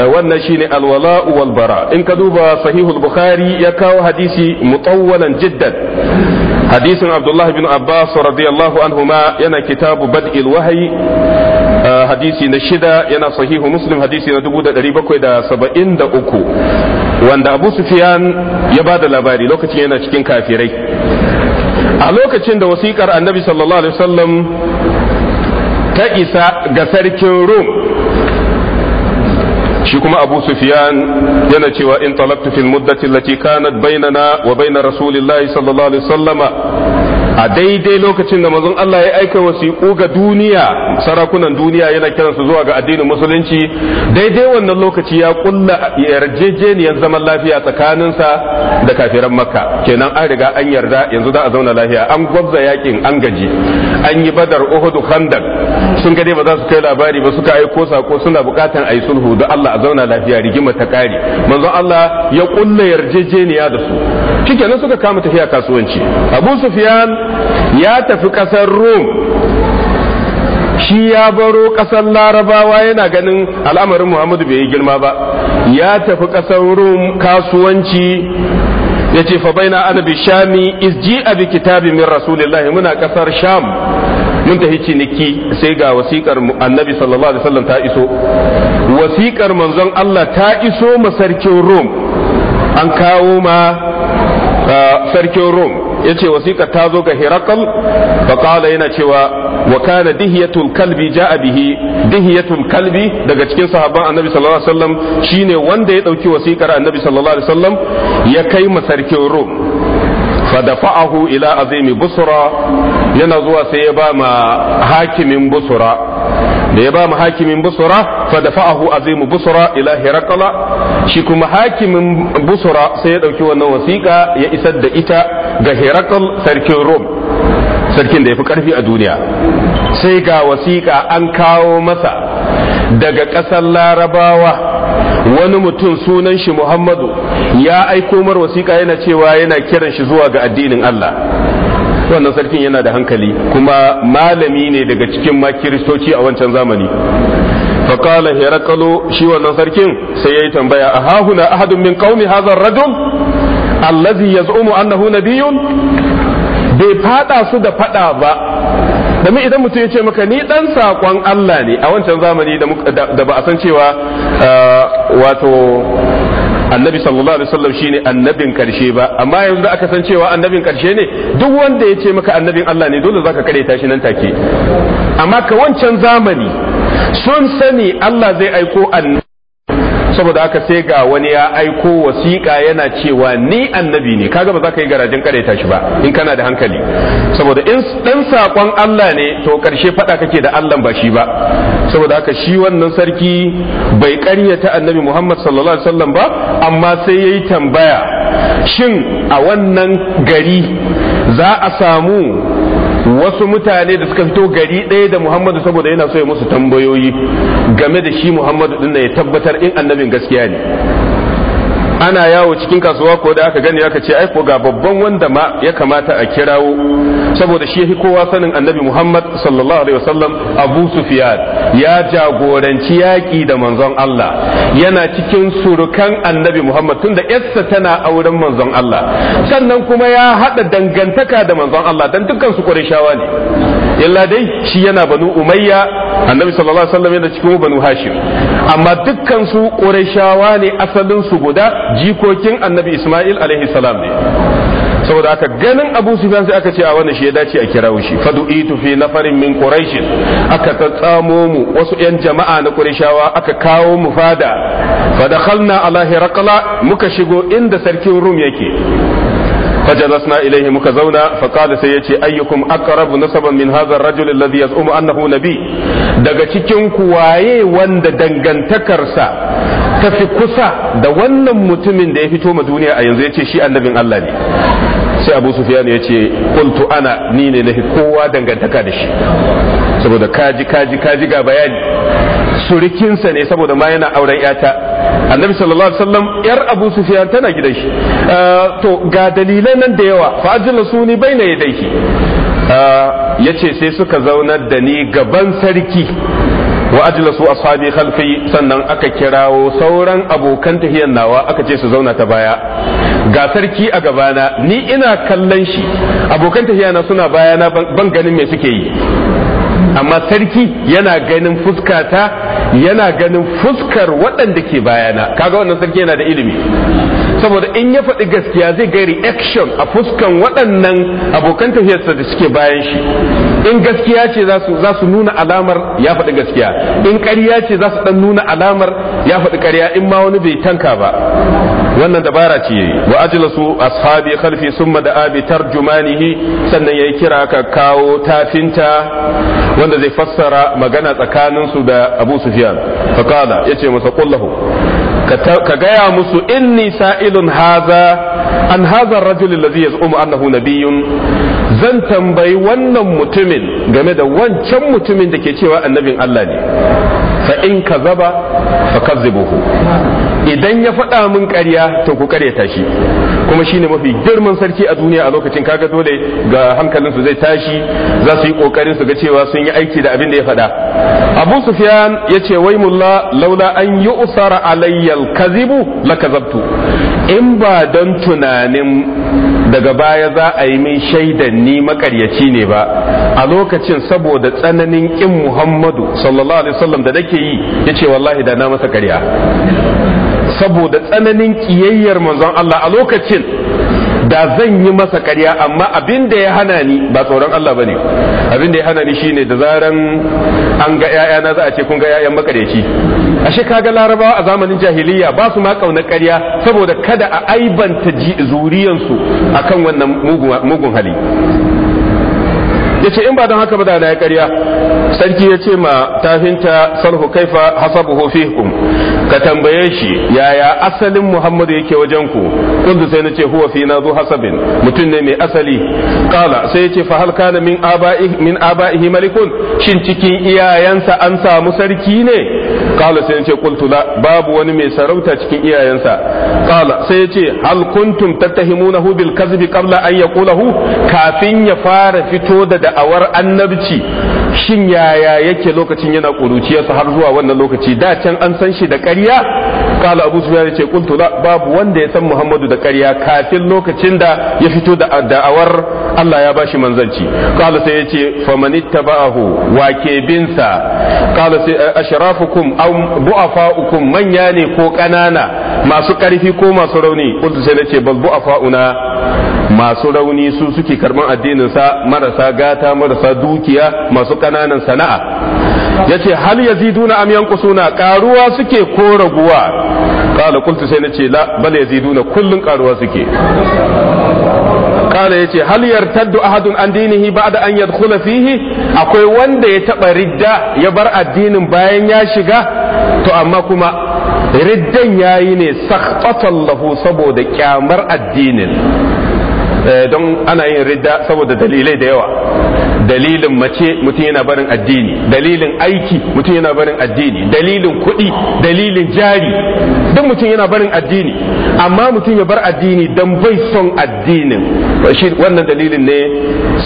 eh, wannan shine alwala wal bara in ka duba sahihul bukhari ya kawo hadisi mutawwalan jiddan hadisin abdullah bin abbas radiyallahu anhuma yana kitabu bad'il wahayi hadisi na shida yana sahihu muslim hadisi da uku. wanda abu sufyan ya ba da labari lokacin yana cikin kafirai a lokacin da wasiƙar annabi sallallahu alaihi wasallam ta isa ga sarkin rum shi kuma abu sufyan yana cewa in talabtu fil muddati allati kanat bainana wa bain rasulillahi sallallahu alaihi wasallama a daidai lokacin da manzon Allah ya aika wasiƙu ga duniya sarakunan duniya yana kiransu zuwa ga addinin musulunci daidai wannan lokaci ya kulla yarjejeniyar zaman lafiya tsakaninsa da kafiran makka kenan an riga an yarda yanzu za a zauna lafiya an gwabza yakin an gaji an yi badar uhud khandak sun ga dai ba za su kai labari ba suka aiko sako suna bukatan yi sulhu da Allah a zauna lafiya rigima ta kare manzon Allah ya kulla yarjejeniya da su shikenan suka kama tafiya kasuwanci Abu Sufyan ya tafi ƙasar rom shi ya baro ƙasar larabawa yana ganin al'amarin muhammadu bai yi girma ba ya tafi ƙasar rom kasuwanci ya ce fa baina ana bi shami izji abi kitabi min rasulillahi muna ƙasar sham mun tafi ciniki sai ga wasiƙar annabi sallallahu alaihi wasallam ta iso wasiƙar manzon Allah ta iso ma sarkin rom an kawo ma ah, sarkin rom ya ce wasiƙa ta zo ga hirakal faƙala yana cewa wa kana dihiyatul kalbi a bihi dihiyatul kalbi daga cikin sahabban annabi sallallahu alaihi wasallam shine wanda ya ɗauki wasiƙar annabi sallallahu alaihi wasallam ya kai masarkin rum fadafa'ahu ila azimi busra yana zuwa sai ya ba ma hakimin busra da ya ba mu hakimin busura fa dafa'ahu azimu busura ila hirakala shi kuma hakimin busura sai ya dauki wannan wasiƙa ya isar da ita ga hirakal sarkin rom sarkin da ya fi karfi a duniya sai ga wasiƙa an kawo masa daga ƙasar larabawa wani mutum sunan shi Muhammadu ya aiko mar wasiƙa yana cewa yana kiran shi zuwa ga addinin Allah wannan sarkin yana da hankali kuma malami ne daga cikin ma kiristoci a wancan zamani faƙala herakalo shi wannan sarkin sai ya yi tambaya a hahuna ahadun min qaumi hazan rajul allazi yaz'umu annahu nabiyyun bai fada su da fada ba domin idan mutum ya ce maka ni dan saƙon Allah ne a wancan zamani da ba a san cewa uh, wato annabi sallallahu alaihi wasallam shine annabin karshe ba amma yanzu aka san cewa annabin karshe ne duk wanda ya ce maka annabin Allah ne dole zaka kare tashi nan take amma ka wancan zamani sun sani Allah zai aiko annabi saboda haka sai ga wani ya aiko wasiƙa yana cewa ni annabi ne kaga ba za ka yi garajin kareta shi ba in kana da hankali saboda in dan saƙon Allah ne to karshe faɗa kake da Allah ba shi ba saboda haka shi wannan sarki bai ƙaryata annabi Muhammad sallallahu alaihi wasallam ba amma sai yayi tambaya shin a wannan gari za a samu wasu mutane da suka fito gari ɗaya da muhammadu saboda yana so ya musu tambayoyi game da shi muhammadu din ya tabbatar in annabin gaskiya ne ana yawo cikin kasuwa ko da aka gani aka ce ai ko ga babban wanda ma ya kamata a kirawo saboda shi yafi kowa sanin annabi Muhammad sallallahu alaihi wasallam Abu Sufyan ya jagoranci yaki da manzon Allah yana cikin surukan annabi Muhammad tunda yarsa tana auren manzon Allah sannan kuma ya hada dangantaka da manzon Allah dan dukkan su Qurayshawa ne illa dai shi yana banu umayya annabi sallallahu alaihi wasallam yana cikin banu hashim amma dukkan su qurayshawa ne asalin su guda jikokin annabi isma'il alaihi salam ne saboda aka ganin abu sufyan sai aka ce a wannan shi ya dace a kirawo shi itu fi nafarin min quraish aka tsamo mu wasu yan jama'a na qurayshawa aka kawo mu fada fadakhalna ala hirqala muka shigo inda sarkin rum yake fajalasna ilaihi muka zauna faqala sai yace ayyukum aqrabu nasaban min hadha ar-rajul alladhi yaz'umu annahu nabi daga cikin ku waye wanda dangantakarsa tafi kusa da wannan mutumin da ya fito ma duniya a yanzu yace shi annabin Allah ne sai abu sufiyan ya ce kuntu ana ni ne na kowa dangantaka da shi saboda kaji kaji kaji ga bayani surikinsa ne saboda ma yana auren yata annabi sallallahu alaihi wasallam yar abu sufiyan tana gidan shi ah, to ga dalilan nan da yawa fa ajla suni baina yadayhi ah, yace sai suka zauna da ni gaban sarki wa ajlasu ashabi khalfi sannan aka kirawo sauran abokan tahiyar nawa aka ce su zauna ta baya ga sarki a gabana ni ina kallon shi abokan na suna bayana ban ganin me suke yi amma sarki yana ganin fuskata yana ganin fuskar waɗanda ke bayana kaga wannan sarki yana da ilimi saboda in ya faɗi gaskiya zai ga reaction a fuskan waɗannan abokan tafiyarsa da suke bayan shi in gaskiya ce za su nuna alamar ya faɗi gaskiya in ƙarya ce za su ɗan nuna alamar ya faɗi ƙarya in ma wani bai tanka ba wannan dabara ce wa su ashabi khalfi summa da abi tarjumanihi sannan yayi kira ka kawo tafinta wanda zai fassara magana tsakanin su da Abu Sufyan fa qala yace masa qullahu ka gaya musu inni sa'ilun haza an haza rajul allazi yaz'umu annahu nabiyyun zan tambayi wannan mutumin game da wancan mutumin da ke cewa annabin Allah ne fa in kazaba fa kazzibuhu idan ya faɗa min ƙarya to ku ya shi kuma shine mafi girman sarki a duniya a lokacin kaga dole ga hankalin su zai tashi za su yi kokarin su ga cewa sun yi aiki da abin da ya faɗa Abu Sufyan yace wai mulla laula an yu'sara alayya al-kazibu lakazabtu in ba don tunanin daga baya za a yi min shaidan ni makaryaci ne ba a lokacin saboda tsananin kin muhammadu sallallahu alaihi wasallam da nake yi yace wallahi da na masa karya saboda tsananin kiyayyar manzon Allah a lokacin da zan yi masa ƙarya amma abin da ya hana ni ba tsoron Allah ba ne abin da ya hana ni shine da zaran an ga 'ya'yana za a ce kun ga ƴaƴan makareci ashe kaga larabawa a zamanin jahiliya ba su ma kauna ƙarya saboda kada a aibanta zuriyansu akan wannan mugun hali ya ce in ba don haka ba da na ya karya sarki ya ce ma tafinta salhu kaifa hasabuhu fikum ka tambaye shi yaya asalin muhammadu yake wajen ku kuntu sai na ce huwa fi na zu hasabin mutum ne mai asali kala sai ya ce fa hal kana min aba'i min aba'ihi malikun shin cikin iyayensa an samu sarki ne kala sai ya ce qultu la babu wani mai sarauta cikin iyayensa kala sai ya ce hal kuntum tattahimunahu bil kazbi qabla an yaqulahu kafin ya fara fito da da'awar annabci shin yaya yake lokacin yana ƙuruciyarsa har zuwa wannan lokaci da can an san shi da ƙarya kala abu sufyan ce kuntu babu wanda ya san muhammadu da ƙarya kafin lokacin da ya fito da da'awar Allah ya bashi manzanci kala sai ya ce faman wa ke binsa kala sai ashrafukum aw bu'afa'ukum manya ne ko ƙanana masu ƙarfi ko masu rauni kuntu sai na ce bal bu'afa'una masu rauni su suke karban addinin sa marasa gata marasa dukiya masu kananan sana'a yace hal yaziduna am yanqusuna karuwa suke ko raguwa kala kuntu sai nace la bal yaziduna kullun karuwa suke kala yace ce hal yartaddu ahadun an dinihi ba'da an yadkhula fihi akwai wanda ya taba ridda ya bar addinin bayan ya shiga to amma kuma riddan yayi ne sakhatan lahu saboda kyamar addinin eh, don ana yin ridda saboda dalilai da yawa dalilin mace mutum yana barin addini dalilin aiki mutum yana barin addini dalilin kuɗi dalilin jari duk mutum yana barin addini amma mutum ya bar addini don bai son addinin wannan dalilin ne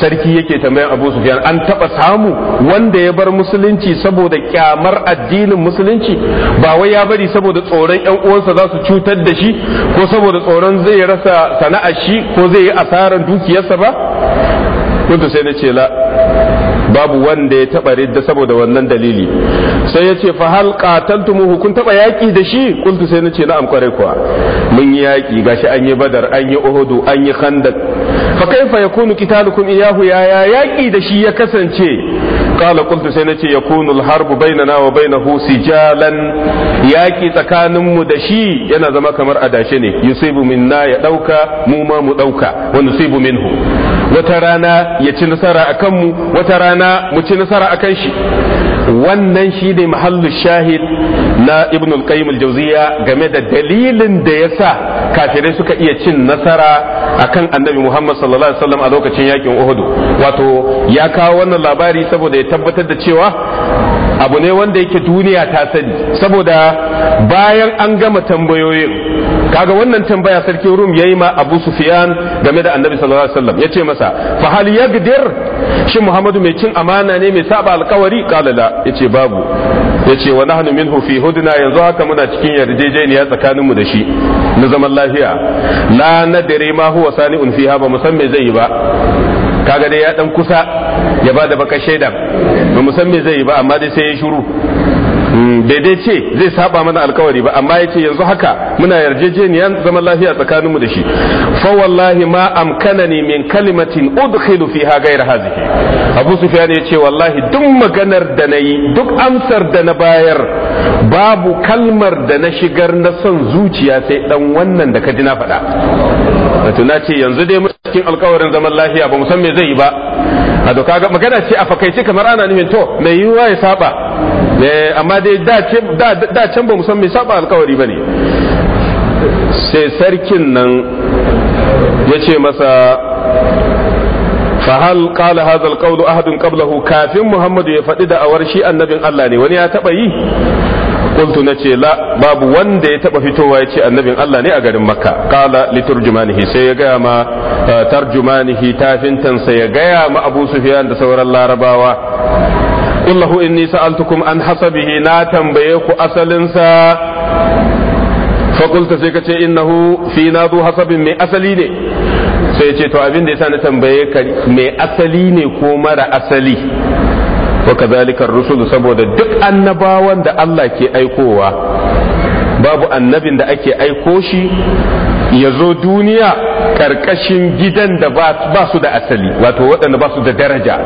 sarki yake tambayan Abu Sufyan an taɓa samu wanda ya bar musulunci saboda kyamar addinin musulunci ba wai ya bari saboda tsoron yan uwansa za su cutar da shi ko saboda tsoron zai rasa sana'ar shi ko zai yi asarar dukiyarsa ba kuntu sai na ce la babu wanda ya taba ridda saboda wannan dalili sai ya ce fa hal qataltumuhu kun taba yaki da shi kuntu sai na ce na'am kwarai kuwa mun yi yaki gashi an yi badar an yi uhudu an yi khandaq fa kaifa yakunu qitalukum iyahu ya ya yaki da shi ya kasance qala kuntu sai na ce yakunu al harbu bainana wa bainahu sijalan yaƙi tsakanin mu da shi yana zama kamar adashe ne yusibu minna ya dauka mu ma mu dauka wa nusibu minhu wata rana ya ci nasara a kanmu wata rana mu ci nasara a kan shi wannan shi ne mahallu shahid na ibn al-qayyim al-jawziya game da dalilin da ya sa kafirai suka iya cin nasara akan annabi muhammad sallallahu alaihi wasallam a lokacin yakin uhud wato ya kawo wannan labari saboda ya tabbatar da cewa abu ne wanda yake duniya ta sani saboda bayan an gama tambayoyin kaga wannan tambaya sarki rum yayi ma abu sufiyan game da annabi sallallahu alaihi wasallam yace masa fa hal yagdir shi muhammadu mai cin amana ne mai saba alkawari kala la yace babu yace wa nahnu minhu fi hudna yanzu haka muna cikin yarjejeniya tsakaninmu da shi na zaman lafiya la nadri ma huwa sani'un fiha ba musamman zai yi ba kaga dai ya dan kusa ya ba da baka shaidan ba mu me zai yi ba amma dai sai ya shuru. daidai ce zai saba mana alkawari ba amma yace yanzu haka muna yarjejeniyan zaman lafiya tsakaninmu da shi fa wallahi ma ne min kalimatin udkhilu fiha ghayra hazihi abu sufyan ce wallahi duk maganar da nayi duk amsar da na bayar babu kalmar da na shigar na son zuciya sai dan wannan da ka ji na faɗa wato na ce yanzu dai mu cikin alkawarin zaman lafiya ba mu san me zai yi ba a doka magana ce a fakaice kamar ana nufin to mai yiwuwa ya saba eh, amma dai da can ba san mai saba alkawari ba ne sai sarkin nan ya ce masa fahal kala hadha kaudu ahadun kablahu kafin muhammadu ya faɗi da awar shi annabin Allah ne wani ya taɓa yi qultu nace la babu wanda ya taba fitowa yace annabin Allah ne a garin makka qala liturjumanihi sai ya ga ma eh, tarjumanihi tafintan sai ya ga ma abu sufyan da sauran larabawa kullahu inni sa'altukum an hasabihi na tambaye ku asalinsa fakulta sai ka innahu fi na hasabin mai asali ne sai ce to abin da yasa na tambaye ka mai asali ne ko mara asali wa kadhalika ar saboda duk annabawan da Allah ke aikowa babu annabin da ake aiko shi ya zo duniya ƙarƙashin gidan da ba su da asali wato waɗanda ba su da daraja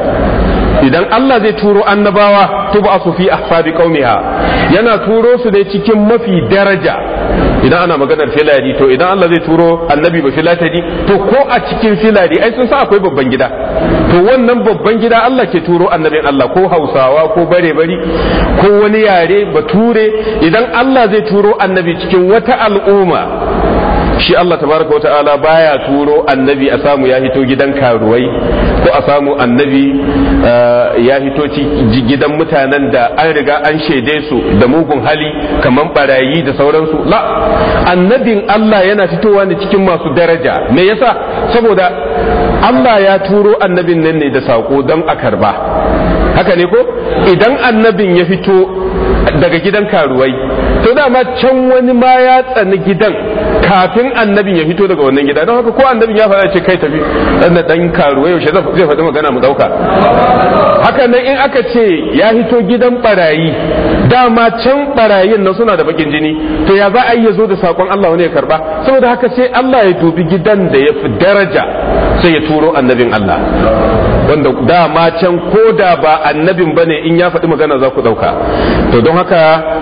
idan Allah zai turo annabawa tuba su fi ahsabi qaumiha yana turo su ne cikin mafi daraja idan ana maganar filari to idan Allah zai turo annabi ba filadi to ko a cikin filari ai sun sa akwai babban gida to wannan babban gida Allah ke turo annabin Allah ko Hausawa ko bare bari ko wani yare bature idan Allah zai turo annabi cikin wata al'umma shi Allah tabaraka wa ta'ala baya turo annabi a samu ya hito gidan karuwai ko a samu annabi eh, ya hito gidan mutanen da an riga an shaide su da mugun hali kamar barayi da sauransu la annabin Allah yana fitowa ne cikin masu daraja me yasa saboda Allah ya turo annabin nan ne da sako don a karba haka ne ko idan annabin ya fito daga gidan karuwai to dama can wani ma ya tsani gidan kafin annabin ya fito daga wannan gida don haka ko annabin ya fara ce kai tafi dan dan karuwai yaushe zai faɗi magana mu ɗauka haka nan in aka ce ya hito gidan barayi dama can barayin nan suna da bakin jini to ya za a yi zo da sakon Allah wani ya karba saboda haka sai Allah ya dubi gidan da ya fi daraja sai ya turo annabin Allah wanda dama can ko da ba annabin bane in ya faɗi magana za ku ɗauka to don haka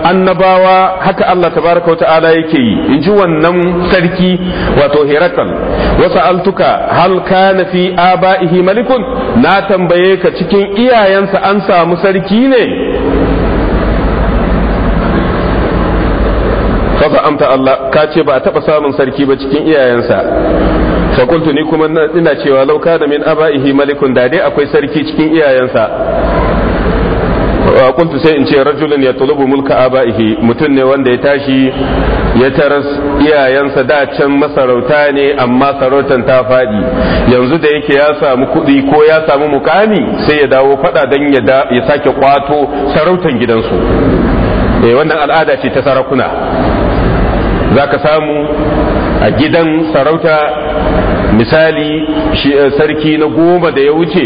annabawa haka Allah tabaraka wa ta'ala yake yi in ji wannan sarki wato herakal wasu altuka hal kana fi aba'ihi malikun na tambaye ka cikin iyayensa an samu sarki ne fasa amta Allah ka ce ba a taɓa samun sarki ba cikin iyayensa fakultu ni kuma ina cewa lauka da min aba'ihi malikun da dai akwai sarki cikin iyayensa kuntu sai in ce rajulun ya tulubu mulka aba'ihi mutum ne wanda ya tashi ya taras iyayensa da can masarauta ne amma sarautan ta faɗi yanzu da yake ya samu kuɗi ko ya samu mukami sai ya dawo faɗa don ya sake kwato sarautan gidansu eh, wannan al'ada ce ta sarakuna za ka samu a gidan sarauta misali eh, sarki na goma da ya wuce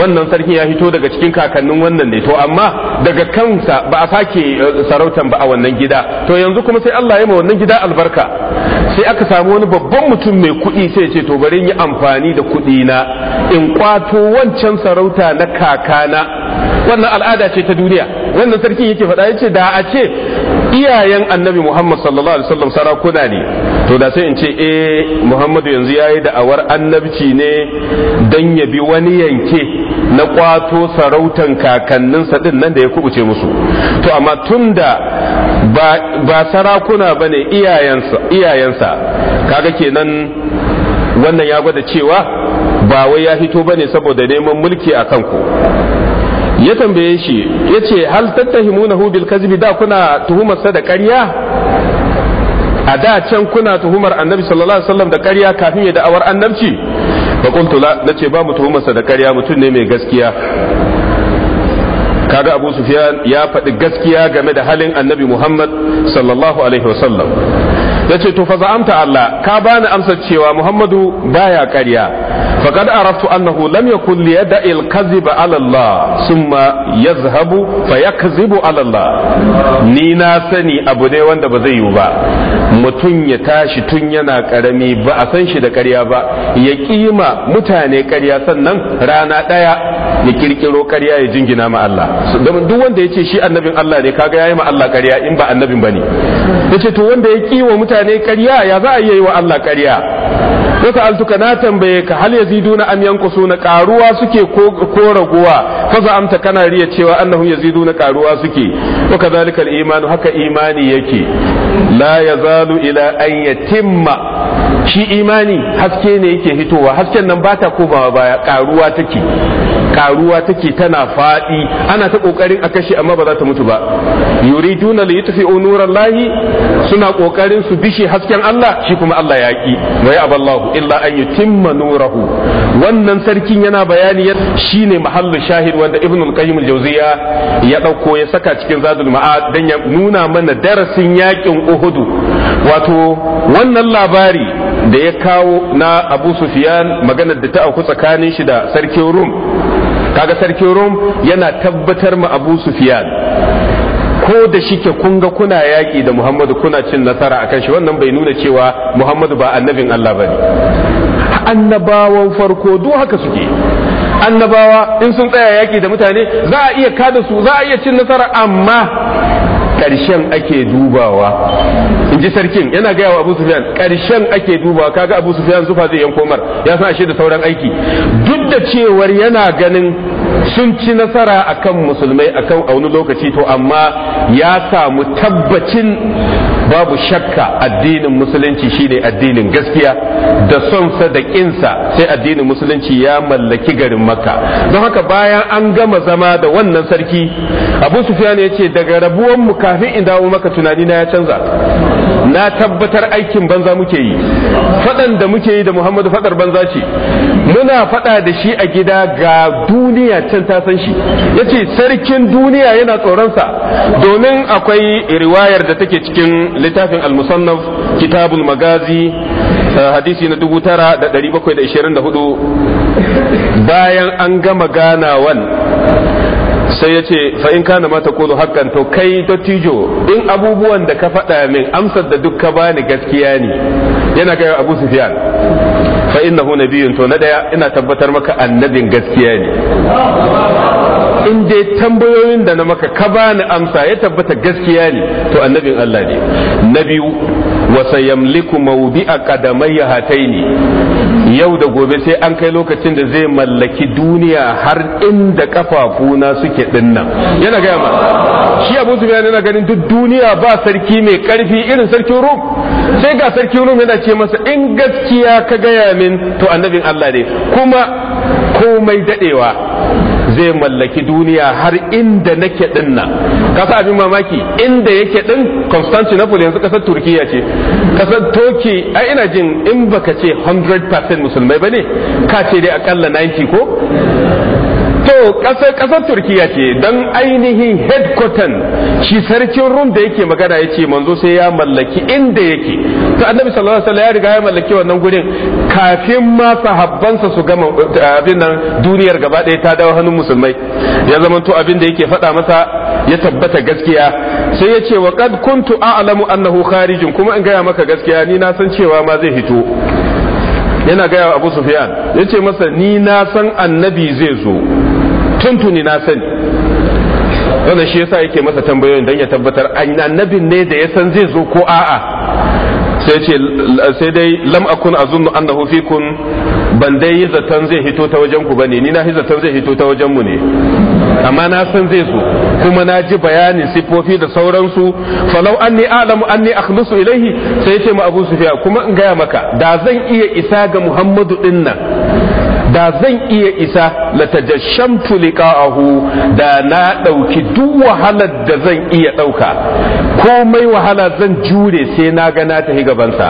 wannan sarki ya fito daga cikin kakannin wannan ne to amma daga kansa ba a sake eh, sarautan ba a wannan gida to yanzu kuma sai Allah ya ma wannan gida albarka sai aka samu wani babban mutum mai kuɗi sai ya ce to bari yi amfani da kuɗi na in kwato wancan sarauta na kakana wannan al'ada ce ta duniya wannan sarki yake faɗa yace da a ce iyayen annabi Muhammad sallallahu alaihi wasallam sarakuna ne to da sai in ce eh Muhammadu yanzu ya yayi da'awar annabci ne dan ya bi wani yanke na kwato sarautan kakanninsa din nan da ya kubuce musu to amma tunda ba ba sarakuna bane ne iyayensa kaga kenan wannan ya gwada cewa ba wai ya fito ne saboda neman mulki a kanku ya tambaye shi ya ce hal tattahimunahu bil kazibi da kuna tuhumarsa da ƙarya a da can kuna tuhumar annabi sallallahu alaihi wasallam da ƙarya kafin ya da'awar annabci fa qultu la nace ba mu tuhumarsa da ƙarya mutum ne mai gaskiya kaga abu sufyan ya faɗi gaskiya game da halin annabi muhammad sallallahu alaihi wasallam yace to fa za'amta Allah ka bani amsa cewa Muhammadu baya ƙarya faqad araftu annahu lam yakun li yada'i al-kadhiba ala Allah thumma yazhabu fa yakzibu ala Allah ni na sani abu ne wanda ba zai yiwu ba mutum ya tashi tun yana karami ba a san shi da ƙarya ba ya kima mutane ƙarya sannan rana daya ya kirkiro ƙarya ya jingina ma Allah duk wanda ya ce shi annabin Allah ne kaga yayi ma Allah ƙarya in ba annabin bane yace to wanda ya kiwa mutane mutane ƙarya ya za a yi wa Allah ƙarya ya sa'altuka na tambaye ka hal yaziduna am suna, karuwa suke ko raguwa fa amta kana riya cewa yazidu na karuwa suke wa kadhalika al-iman haka imani yake la يزال ila an يتم shi imani haske ne yake hitowa hasken nan ba ta komawa baya karuwa take karuwa take tana fadi ana ta kokarin a kashe amma ba za ta mutu ba yuriduna li yutfi'u nurallahi suna kokarin su bishe hasken Allah shi kuma Allah ya ki wa ya aballahu illa an yutimma nurahu wannan sarkin yana bayani shine mahallu shahid wanda ibn al-qayyim al ya dauko ya saka cikin zadul ma'ad dan ya nuna mana darasin yakin uhudu wato wannan labari da ya kawo na abu sufiyan maganar da ta auku tsakanin shi da sarkin rum kaga sarkin rum yana tabbatar ma abu sufiyan ko da shike kun ga kuna yaƙi da muhammadu kuna cin nasara akan shi wannan bai nuna cewa muhammadu ba annabin allah ba ne annabawan farko duk haka suke annabawa in sun tsaya yaƙi da mutane za a iya kada su za a iya cin nasara amma Karshen ake dubawa in ji sarkin yana gaya wa abu sufyan ƙarshen ake dubawa kaga abu sufyan zufa zai yanko mar ya san shi da sauran aiki duk da cewar yana ganin sun ci nasara a kan musulmai akan a wani lokaci to amma ya samu tabbacin babu shakka addinin musulunci shine addinin gaskiya da sonsa da kinsa sai addinin musulunci ya mallaki garin makka don haka bayan an gama zama da wannan sarki abu sufyan ya ce daga rabuwan mu kafin in dawo maka tunani na ya canza na tabbatar aikin banza muke yi fadan da muke yi da muhammadu fadar banza ce muna fada da shi a gida ga duniya ta wancan ta san shi yace sarkin duniya yana tsoronsa domin akwai riwayar da take cikin littafin al-musannaf kitabul magazi eh, hadisi na dubu tara da da da bakwai ishirin hudu bayan an gama ganawan sai ya ce fa’in kana mata kodo hakan to kai dattijo in abubuwan da ka faɗa min amsar da duk ka bani gaskiya ne yana kai abu sufyan fa innahu nabiyyun to na daya ina tabbatar maka annabin gaskiya ne in dai tambayoyin da na maka ka bani amsa ya tabbata gaskiya ne to annabin Allah ne na biyu wa sayamliku mawdi'a qadamayya hataini yau da gobe sai an kai lokacin da zai mallaki duniya har inda kafafuna suke dinnan yana gaya ma shi abu zubiya yana ganin duk duniya ba sarki mai karfi irin sarkin rum sai ga sarkin rum yana ce masa in gaskiya ka gaya min to annabin allah ne kuma komai dadewa zai mallaki duniya har inda nake din nan kasa abin mamaki inda yake din Constantinople yanzu kasar Turkiya ce kasar toki ai ina jin in baka ce 100% musulmai bane ka ce dai akalla 90 ko to kasar kasar turkiya ce don ainihin headquarter shi sarkin rum da yake magana ya ce manzo sai ya mallaki inda yake to annabi sallallahu alaihi ya riga ya mallaki wannan gurin kafin ma sahabbansa su gama abin nan duniyar gaba ɗaya ta dawo hannun musulmai ya zama to abin da yake faɗa masa ya tabbata gaskiya sai ya ce wa qad kuntu a'lamu annahu kharijin kuma in gaya maka gaskiya ni na san cewa ma zai fito yana gaya wa abu sufiyan ya ce masa ni na san annabi zai zo tuntuni na sani wannan shi yasa yake masa tambayoyin don ya tabbatar annabin ne da ya san zai zo ko a'a sai ce sai dai lam akun azunnu annahu fikum ban dai yi zaton zai hito ta wajen ku bane ni na yi zai hito ta wajen mu ne amma na san zai zo kuma na ji bayanin sifofi da sauransu falau anni alamu anni akhlusu ilaihi sai ce mu abu sufiya kuma in gaya maka da zan iya isa ga muhammadu din da zan iya isa latajashamtu liqa'ahu da na ɗauki duk wahalar da zan iya dauka komai wahala zan jure sai na ga na tafi gabansa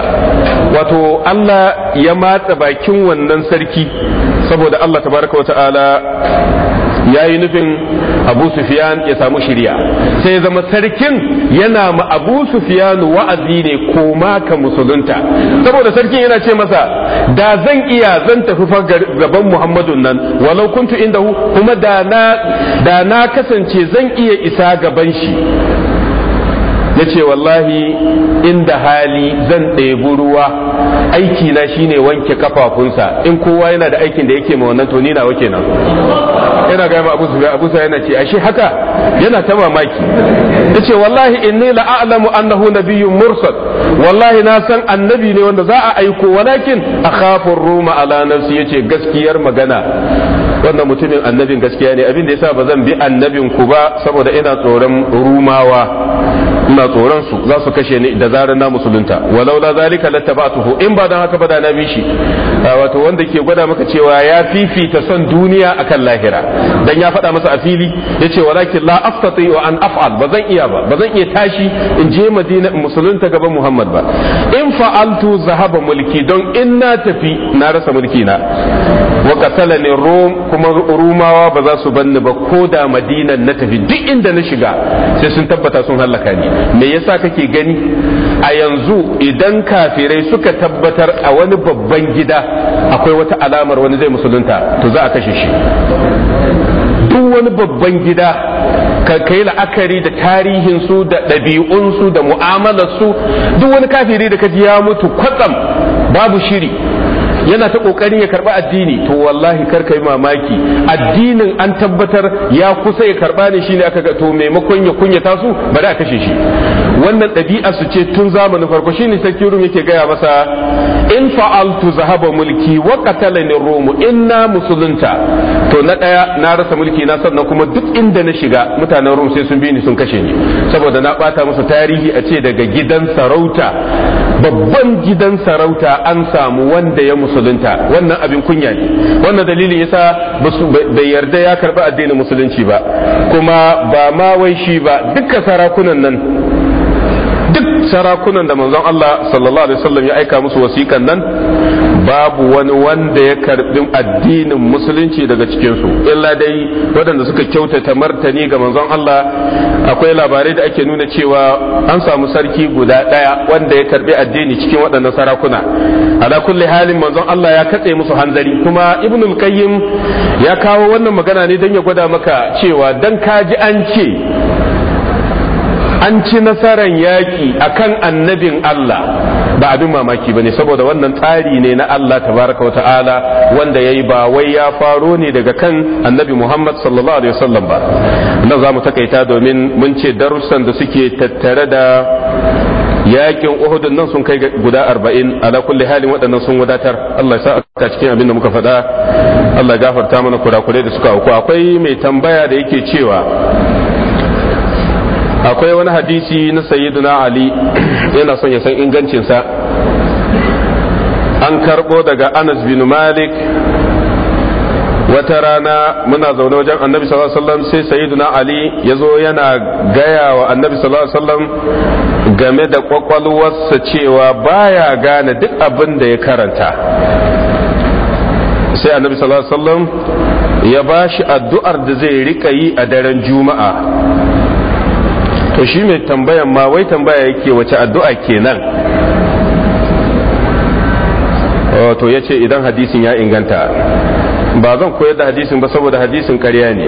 wato Allah ya matsa bakin wannan sarki saboda Allah tabaraka wa ta'ala ya yi nufin abu sufiyan ya samu shirya sai ya zama sarkin yana ma abu sufiyan wa'azi ne ko ka musulunta saboda sarkin yana ce masa da zan iya zan tafi gaban Muhammadu nan walau kuntu hu kuma da na kasance zan iya isa gaban shi ya ce wallahi inda hali zan ɗebi ruwa aiki na shine wanke kafafunsa in kowa yana da aikin da yake ma wannan to ni nawa kenan yana ga ma Abu Abu yana ce ashe haka yana ta mamaki yace wallahi inni la a'lamu annahu nabiyyun mursal wallahi na san annabi ne wanda za a aiko walakin akhafu ruma ala nafsi yace gaskiyar magana wannan mutumin annabin gaskiya ne abin da yasa ba zan bi annabin ku ba saboda ina tsoron rumawa ina tsoron su za su kashe ni da zarar na musulunta walau la zalika lattaba'tuhu in ba dan haka ba da na bi shi ah, wato wanda ke gwada maka cewa ya fifita son duniya akan lahira dan ya faɗa masa a fili yace walakin la astati wa an af'al ba zan iya ba ba zan iya tashi in je madina in musulunta gaban muhammad ba in fa'altu zahaba mulki don in na tafi na rasa mulki na wa qatalani rum kuma rumawa ba za su banni ba ko da madinan na tafi duk inda na shiga sai sun tabbata sun hallaka ni me yasa kake gani a yanzu idan kafirai suka tabbatar a wani babban gida akwai wata alamar wani zai musulunta to za a kashe shi duk wani babban gida ka yi la'akari da tarihin su da ɗabi'unsu da mu'amalar su duk wani kafiri da kaji ya mutu kwatsam babu shiri yana ta kokarin ya karba addini to wallahi kar kai mamaki addinin an tabbatar ya kusa ya karba ne shine aka ga to maimakon ya kunyata su bari a kashe shi wannan ɗabi'a su ce tun zamanin farko shine sakirum yake gaya masa in fa'altu zahaba mulki wa qatalani in inna musulunta to na daya na rasa mulki na sannan kuma duk inda na shiga mutanen rum sai sun bi ni sun kashe ni saboda na bata musu tarihi a ce daga gidan sarauta babban gidan sarauta an samu wanda ya musulunta wannan abin kunya ne wannan dalilin yasa bai yarda ya karba addinin musulunci ba kuma ba ma wai shi ba duka sarakunan nan sarakunan da manzon Allah sallallahu alaihi wasallam ya aika musu wasikan nan babu wani wanda ya karbi addinin musulunci daga cikinsu illa dai waɗanda suka kyautata martani ga manzon Allah akwai labarai da ake nuna cewa an samu sarki guda ɗaya wanda ya karbi addini cikin waɗannan sarakuna ala kulli halin manzon Allah ya katse musu hanzari kuma ibn al-qayyim ya kawo wannan magana ne don ya gwada maka cewa dan kaji an ce an ci nasarar yaƙi a kan annabin Allah ba abin mamaki ba ne saboda wannan tsari ne na Allah tabaraka wa ta'ala wanda ya yi ba wai ya faro ne daga kan annabi Muhammad sallallahu alaihi wasallam ba na za mu takaita domin mun ce darussan da suke tattare da yaƙin uhudun nan sun kai guda arba'in ala kulli halin waɗannan sun wadatar Allah ya sa a cikin abin da muka faɗa Allah ya gafarta mana kurakurai da suka auku akwai mai tambaya da yake cewa akwai wani hadisi na sayyiduna ali yana son ya san ingancinsa an karbo daga anas bin malik wata rana muna zaune wajen annabi sallallahu alaihi wasallam sai sayyiduna ali ya zo yana gaya wa annabi sallallahu alaihi wasallam game da kwakwalwarsa cewa baya gane duk abin da ya karanta sai annabi sallallahu alaihi wasallam ya bashi addu'ar da zai rika yi a daren juma'a to shi mai tambayan ma wai tambaya yake wace addu'a kenan oh, to ya idan hadisin ya inganta ba zan koyar da hadisin ba saboda hadisin karya ne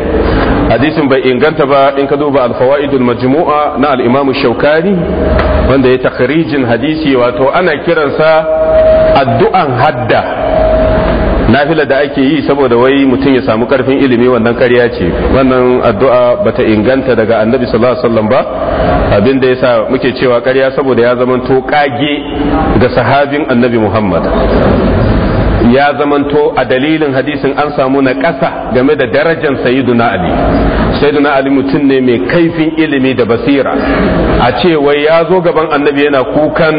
hadisin bai inganta ba in ka duba alfawa'idul majmu'a na al'imamu shaukari wanda ya takharijin hadisi wato ana kiransa addu'an hadda nafilar da ake yi saboda wai mutum ya samu karfin ilimi wannan karya ce wannan addu'a bata inganta daga annabi sallallahu alaihi wasallam ba abin da yasa muke cewa karya saboda ya zamanto kage ga sahabin annabi muhammad ya zamanto a dalilin hadisin an samu na ƙasa game da darajar sayyiduna ali sayyiduna ali mutum ne mai kaifin ilimi da basira a ce wai ya zo gaban annabi yana kukan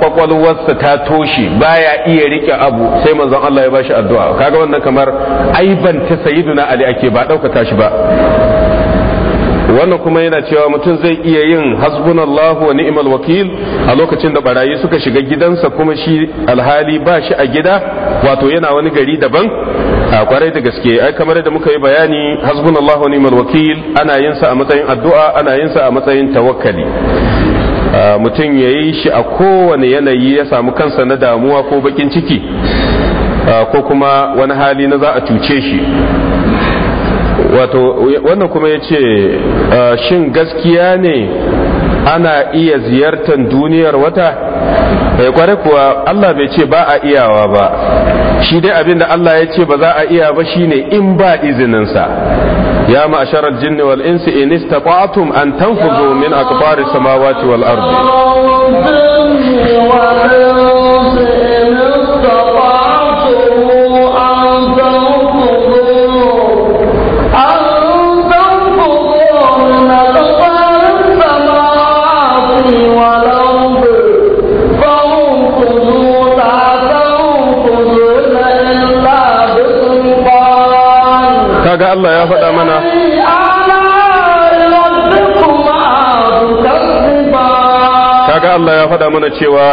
kwakwalwarsa ta toshe baya iya rike abu sai manzon Allah ya bashi addu'a kaga wannan kamar aibanta sayyiduna ali ake ba ɗaukata shi ba wannan kuma yana cewa mutum zai iya yin hasbunallahu wa ni'mal wakil a lokacin da barayi suka shiga gidansa kuma shi alhali ba shi a gida wato yana wani gari daban a kwarai da gaske ai kamar da muka yi bayani hasbunallahu wa ni'mal wakil ana yin sa a matsayin addu'a ana yin sa a matsayin tawakkali mutum ya yi shi a kowane yanayi ya samu kansa na damuwa ko bakin ciki ko kuma wani hali na za a cuce shi wato wannan kuma ya ce ah, shin gaskiya ne ana iya ziyartar duniyar wata bai eh, kware kuwa Allah bai ce ba a iyawa ba shi dai abin da Allah ya ce ba za a iya ba shine in ba izininsa ya ma'ashar aljin wal insi in istata'tum an tanfuzu min akbari samawati wal ardi Allah ya faɗa mana kaga Allah ya faɗa mana cewa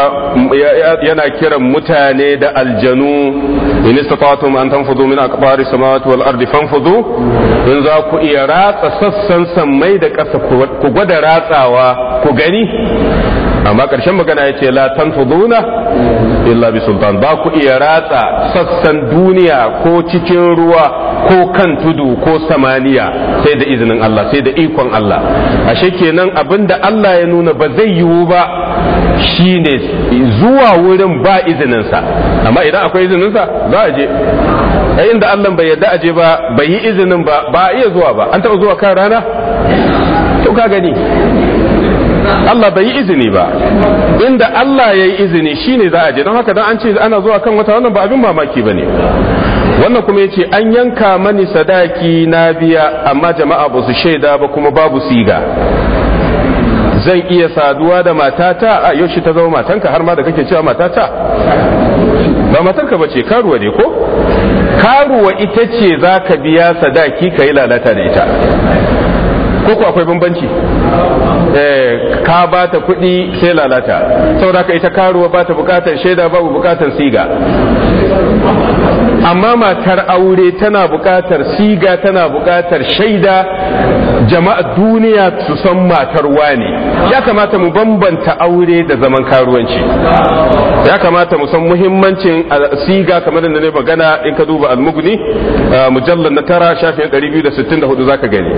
yana kiran mutane da aljanu in istata'tum an tanfudu min aqbari samawati wal ardi fanfudu in za ku iya ratsa sassan sammai da ƙasa ku gwada ratsawa ku gani amma ƙarshen magana ya ce la tanfuduna illa bi sultan ba ku iya ratsa sassan duniya ko cikin ruwa ko kan tudu ko samaniya sai da izinin Allah sai da ikon Allah ashe kenan abinda Allah ya nuna ba zai yiwu ba shine zuwa wurin ba izininsa amma idan akwai izininsa za a je a inda Allah bai yarda je ba bai yi izinin ba ba a iya zuwa ba an taɓa zuwa kan rana to ka gani Allah bai yi izini ba inda Allah ya yi izini shine za a je don haka dan an ce ana zuwa kan wata wannan ba abin mamaki bane wannan kuma ya ce an yanka mani sadaki na biya amma jama'a ba su shaida ba kuma babu siga zan iya saduwa da matata a shi ta zama matanka har ma da kake cewa matata ba matanka ba ce karuwa ne ko karuwa ita ce za ka biya sadaki ka yi lalata da ita ko ko akwai bambanci eh, ka ba ta kuɗi sai lalata saboda ka ita karuwa ba ta bukatar shaida babu bukatar siga amma matar aure tana bukatar siga tana bukatar shaida jama'a duniya su san matar wane ya kamata mu bambanta aure da zaman karuwanci ya kamata mu san muhimmancin uh, siga kamar da ne magana in ka duba almugni uh, mujallar na tara shafin 264 zaka gani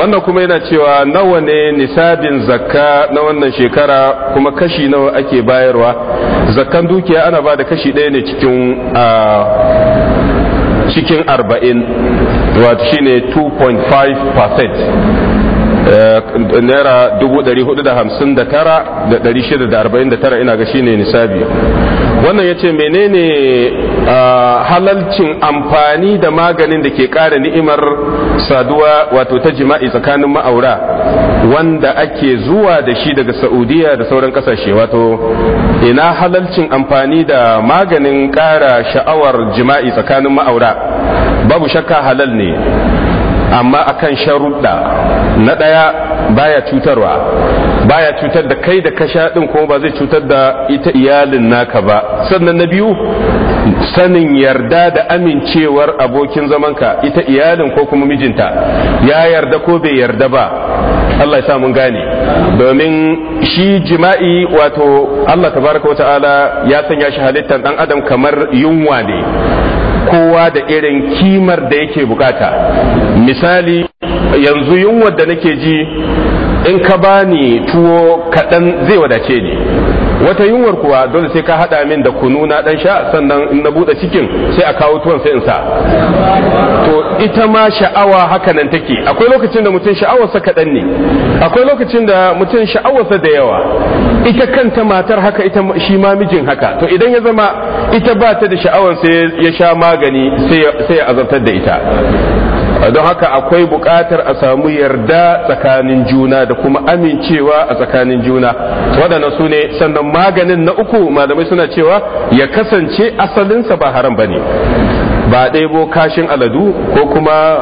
wannan kuma yana cewa nawa ne nisabin zakka na wannan shekara kuma kashi nawa ake bayarwa zakkan dukiya ana ba da kashi ɗaya ne cikin ah, cikin arba'in wato shine 2.5 eh, naira 459,649 ina ga shine nisabi wannan ya ce menene halalcin amfani da maganin da ke ƙara ni'imar saduwa wato ta jima'i tsakanin ma'aura wanda ake zuwa da shi daga saudiya da sauran ƙasashe wato ina halalcin amfani da maganin ƙara sha'awar jima'i tsakanin ma'aura babu shakka halal ne amma akan sharuɗa na ɗaya baya cutarwa baya cutar da kai da ka sha din kuma ba zai cutar da ita iyalin naka ba sannan na biyu sanin yarda da amincewar abokin zamanka ita iyalin ko kuma mijinta ya yarda ko bai yarda ba Allah ya sa mun gane domin shi jima'i wato Allah tabaraka wa ta'ala ya sanya shi halittar dan adam kamar yunwa ne kowa da irin kimar da yake bukata misali yanzu yunwar da nake ji in ka bani tuwo kaɗan zai wadace ni wata yunwar kuwa dole sai ka haɗa min da kunu na ɗan sha sannan in na buɗe cikin sai a kawo tuwon sai in sa to ita ma sha'awa haka nan take akwai lokacin da mutum sha'awarsa kaɗan ne akwai lokacin da mutum sha'awarsa da yawa ita kanta matar haka ita shi ma mijin haka to idan ya zama ita ba ta da sha'awar sai ya sha magani sai ya azabtar da ita don haka akwai buƙatar a samu yarda tsakanin juna da kuma amincewa a tsakanin juna waɗannan su ne sannan maganin na uku malamai suna cewa ya kasance asalinsa ba haram ba ne ba ɗebo kashin aladu ko kuma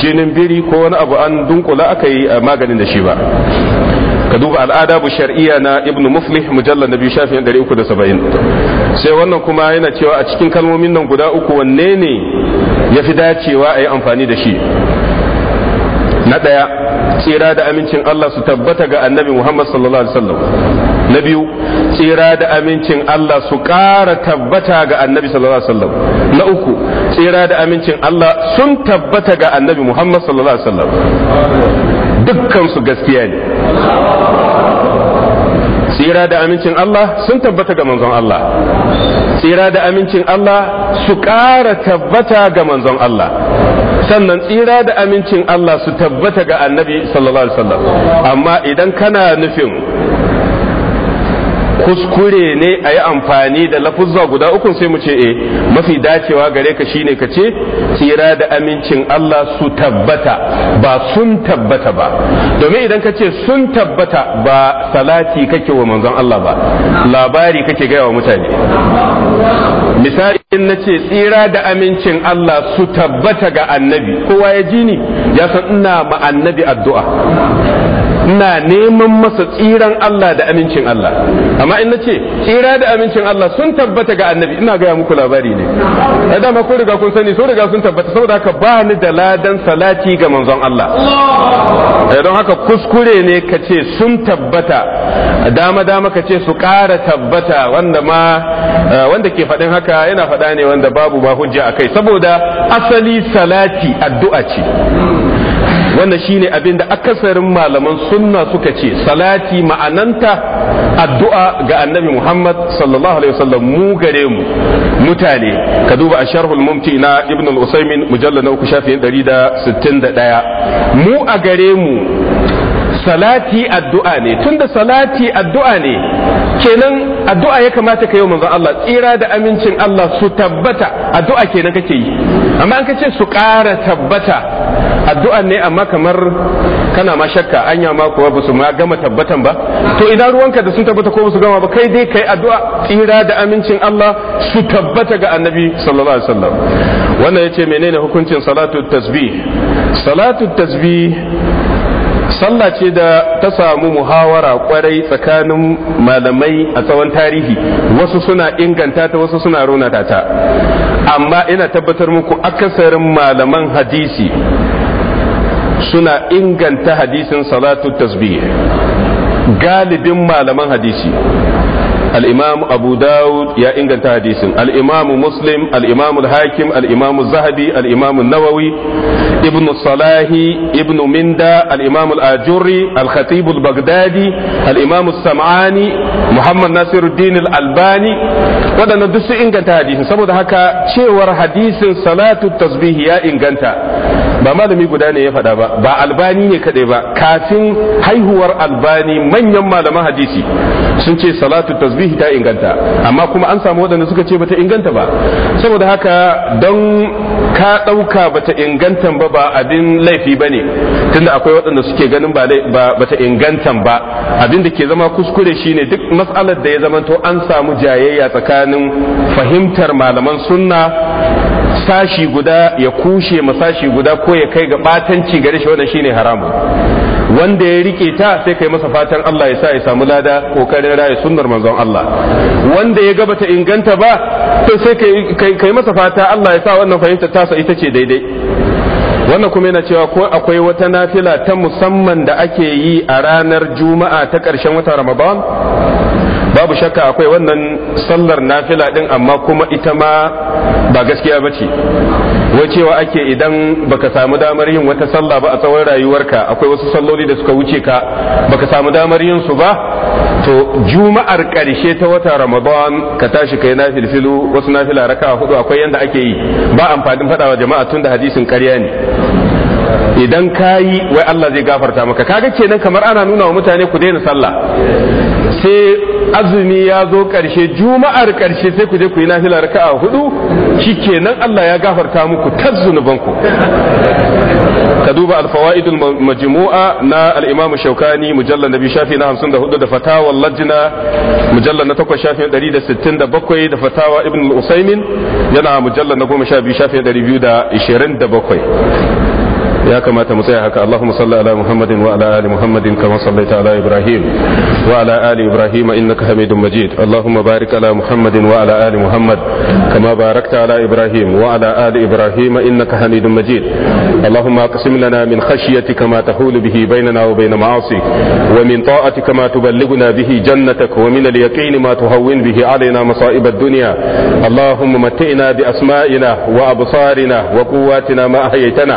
jinin biri ko wani abu an dunkula aka yi maganin da shi ba ka duba al'ada bu shar'iyya na ibnu muflih mujallar na biyu shafin 370 sai wannan kuma yana cewa a cikin kalmomin nan guda uku wanne ne ya fi dacewa a yi amfani da shi na ɗaya tsira da amincin Allah su tabbata ga annabi Muhammad sallallahu alaihi wasallam na biyu tsira da amincin Allah su ƙara tabbata ga annabi sallallahu alaihi wasallam na uku tsira da amincin Allah sun tabbata ga annabi Muhammad sallallahu alaihi wasallam dukkan su gaskiya ne tsira da amincin Allah sun tabbata ga manzon Allah tsira da amincin Allah su ƙara tabbata ga manzon Allah sannan tsira da amincin Allah su tabbata ga annabi sallallahu alaihi wasallam amma idan kana nufin kuskure ne a yi amfani da lafuzza guda ukun sai mu ce e mafi dacewa gare ka shine ka ce tsira da amincin Allah su tabbata ba sun tabbata ba domin idan ka ce sun tabbata ba salati kake wa manzon Allah ba labari kake gaya wa mutane misali in na ce tsira da amincin Allah su tabbata ga annabi kowa ya ji ni ya san ina ma annabi addu'a ina neman masa tsiran Allah da amincin Allah amma in nace tsira da amincin Allah sun tabbata ga annabi ina gaya muku labari ne da dama ko riga kun sani so riga sun tabbata saboda haka ba ni da ladan salati ga manzon Allah eh, don haka kuskure ne ka ce sun tabbata dama dama ka ce su ƙara tabbata wanda ma eh, wanda ke faɗin haka yana faɗa ne wanda babu ba hujja akai saboda asali salati addu'a ce wannan ne abin da akasarin malaman sunna suka ce salati ma'ananta addu'a ga annabi Muhammad sallallahu alaihi wasallam mu gare mu mutane ka duba a sharhul mumti na ibn al-usaymin mujallal na uku shafin 161 mu a gare mu salati addu'a ne tunda salati addu'a ne kenan addu'a ya kamata ka yi manzon Allah tsira da amincin Allah su tabbata addu'a kenan kake yi amma an kace su ƙara tabbata addu'a ne amma kamar kana ma shakka anya ma kuwa ba su ma gama tabbatan ba to idan ruwanka da sun tabbata ko ba su gama ba kai dai kai addu'a tsira da amincin Allah su tabbata ga annabi sallallahu alaihi wasallam wannan yace menene hukuncin salatu tasbih salatu tasbih sallah ce da ta samu muhawara kwarai tsakanin malamai a tsawon tarihi wasu suna inganta ta wasu suna raunata ta amma ina tabbatar muku akasarin malaman hadisi suna inganta hadisin salatu tasbih galibin malaman hadisi al-imam abu dawud ya inganta hadisin al'imamu muslim al-imam al-hakim al-imam zahabi al-imam nawawi ibn salahi ibn minda al-imam al-ajuri al-khatib al-baghdadi sam'ani muhammad nasiruddin al-albani waɗannan duk inganta hadisin saboda haka cewar hadisin salatu tasbihi ya inganta ba malami guda ne ya faɗa ba ba albani ne kadai ba kafin haihuwar albani manyan malaman hadisi sun ce salatu tasbihi ta inganta amma kuma an samu waɗanda suka ce bata inganta ba saboda haka don ka ɗauka bata ingantan ba ba abin laifi ba ne tunda akwai waɗanda suke ganin ba bata ingantan ba abin da ke zama kuskure shine duk matsalar da ya zama to an samu jayayya tsakanin fahimtar malaman sunna sashi guda ya kushe ma sashi guda ko ya kai ga batanci gare shi wannan shine haramu. wanda ya rike ta sai kai masa fatan Allah ya sa ya samu lada kokarin raya sunnar manzon Allah wanda ya gaba ta inganta ba to sai kai kai masa fata Allah ya sa wannan fahimta ta sa ita ce daidai wannan kuma yana cewa ko akwai wata nafila ta musamman da ake yi a ranar juma'a ta karshen watan ramadan babu shakka akwai wannan sallar nafila din amma kuma ita ma ba gaskiya ba ce cewa ake idan baka samu damar yin wata sallah ba a tsawon rayuwarka akwai wasu salloli da suka wuce ka baka samu damar yin su ba to juma'ar karshe ta wata ramadan ka tashi kai nafilfilu wasu nafila raka hudu akwai yanda ake yi ba amfanin faɗawa jama'a tun da hadisin ƙarya ne idan ka yi wai Allah zai gafarta maka kaga kenan kamar ana nuna wa mutane ku daina sallah sai azumi ya zo ƙarshe juma'ar ƙarshe sai ku je ku yi nafila raka'a hudu shikenan Allah ya gafarta muku tazzunubanku ka duba alfawaid majmu'a na al-imam shaukani mujallal nabi shafi na 54 da fatawa lajina mujallal na 8 shafi 167 da fatawa ibn al-usaymin yana mujallal na 12 shafi 227 يا كما تمسيح حق اللهم صل على محمد وعلى ال محمد كما صليت على ابراهيم وعلى ال ابراهيم انك حميد مجيد اللهم بارك على محمد وعلى ال محمد كما باركت على ابراهيم وعلى ال ابراهيم انك حميد مجيد اللهم اقسم لنا من خشيتك ما تحول به بيننا وبين معاصيك ومن طاعتك ما تبلغنا به جنتك ومن اليقين ما تهون به علينا مصائب الدنيا اللهم متعنا باسمائنا وابصارنا وقواتنا ما احييتنا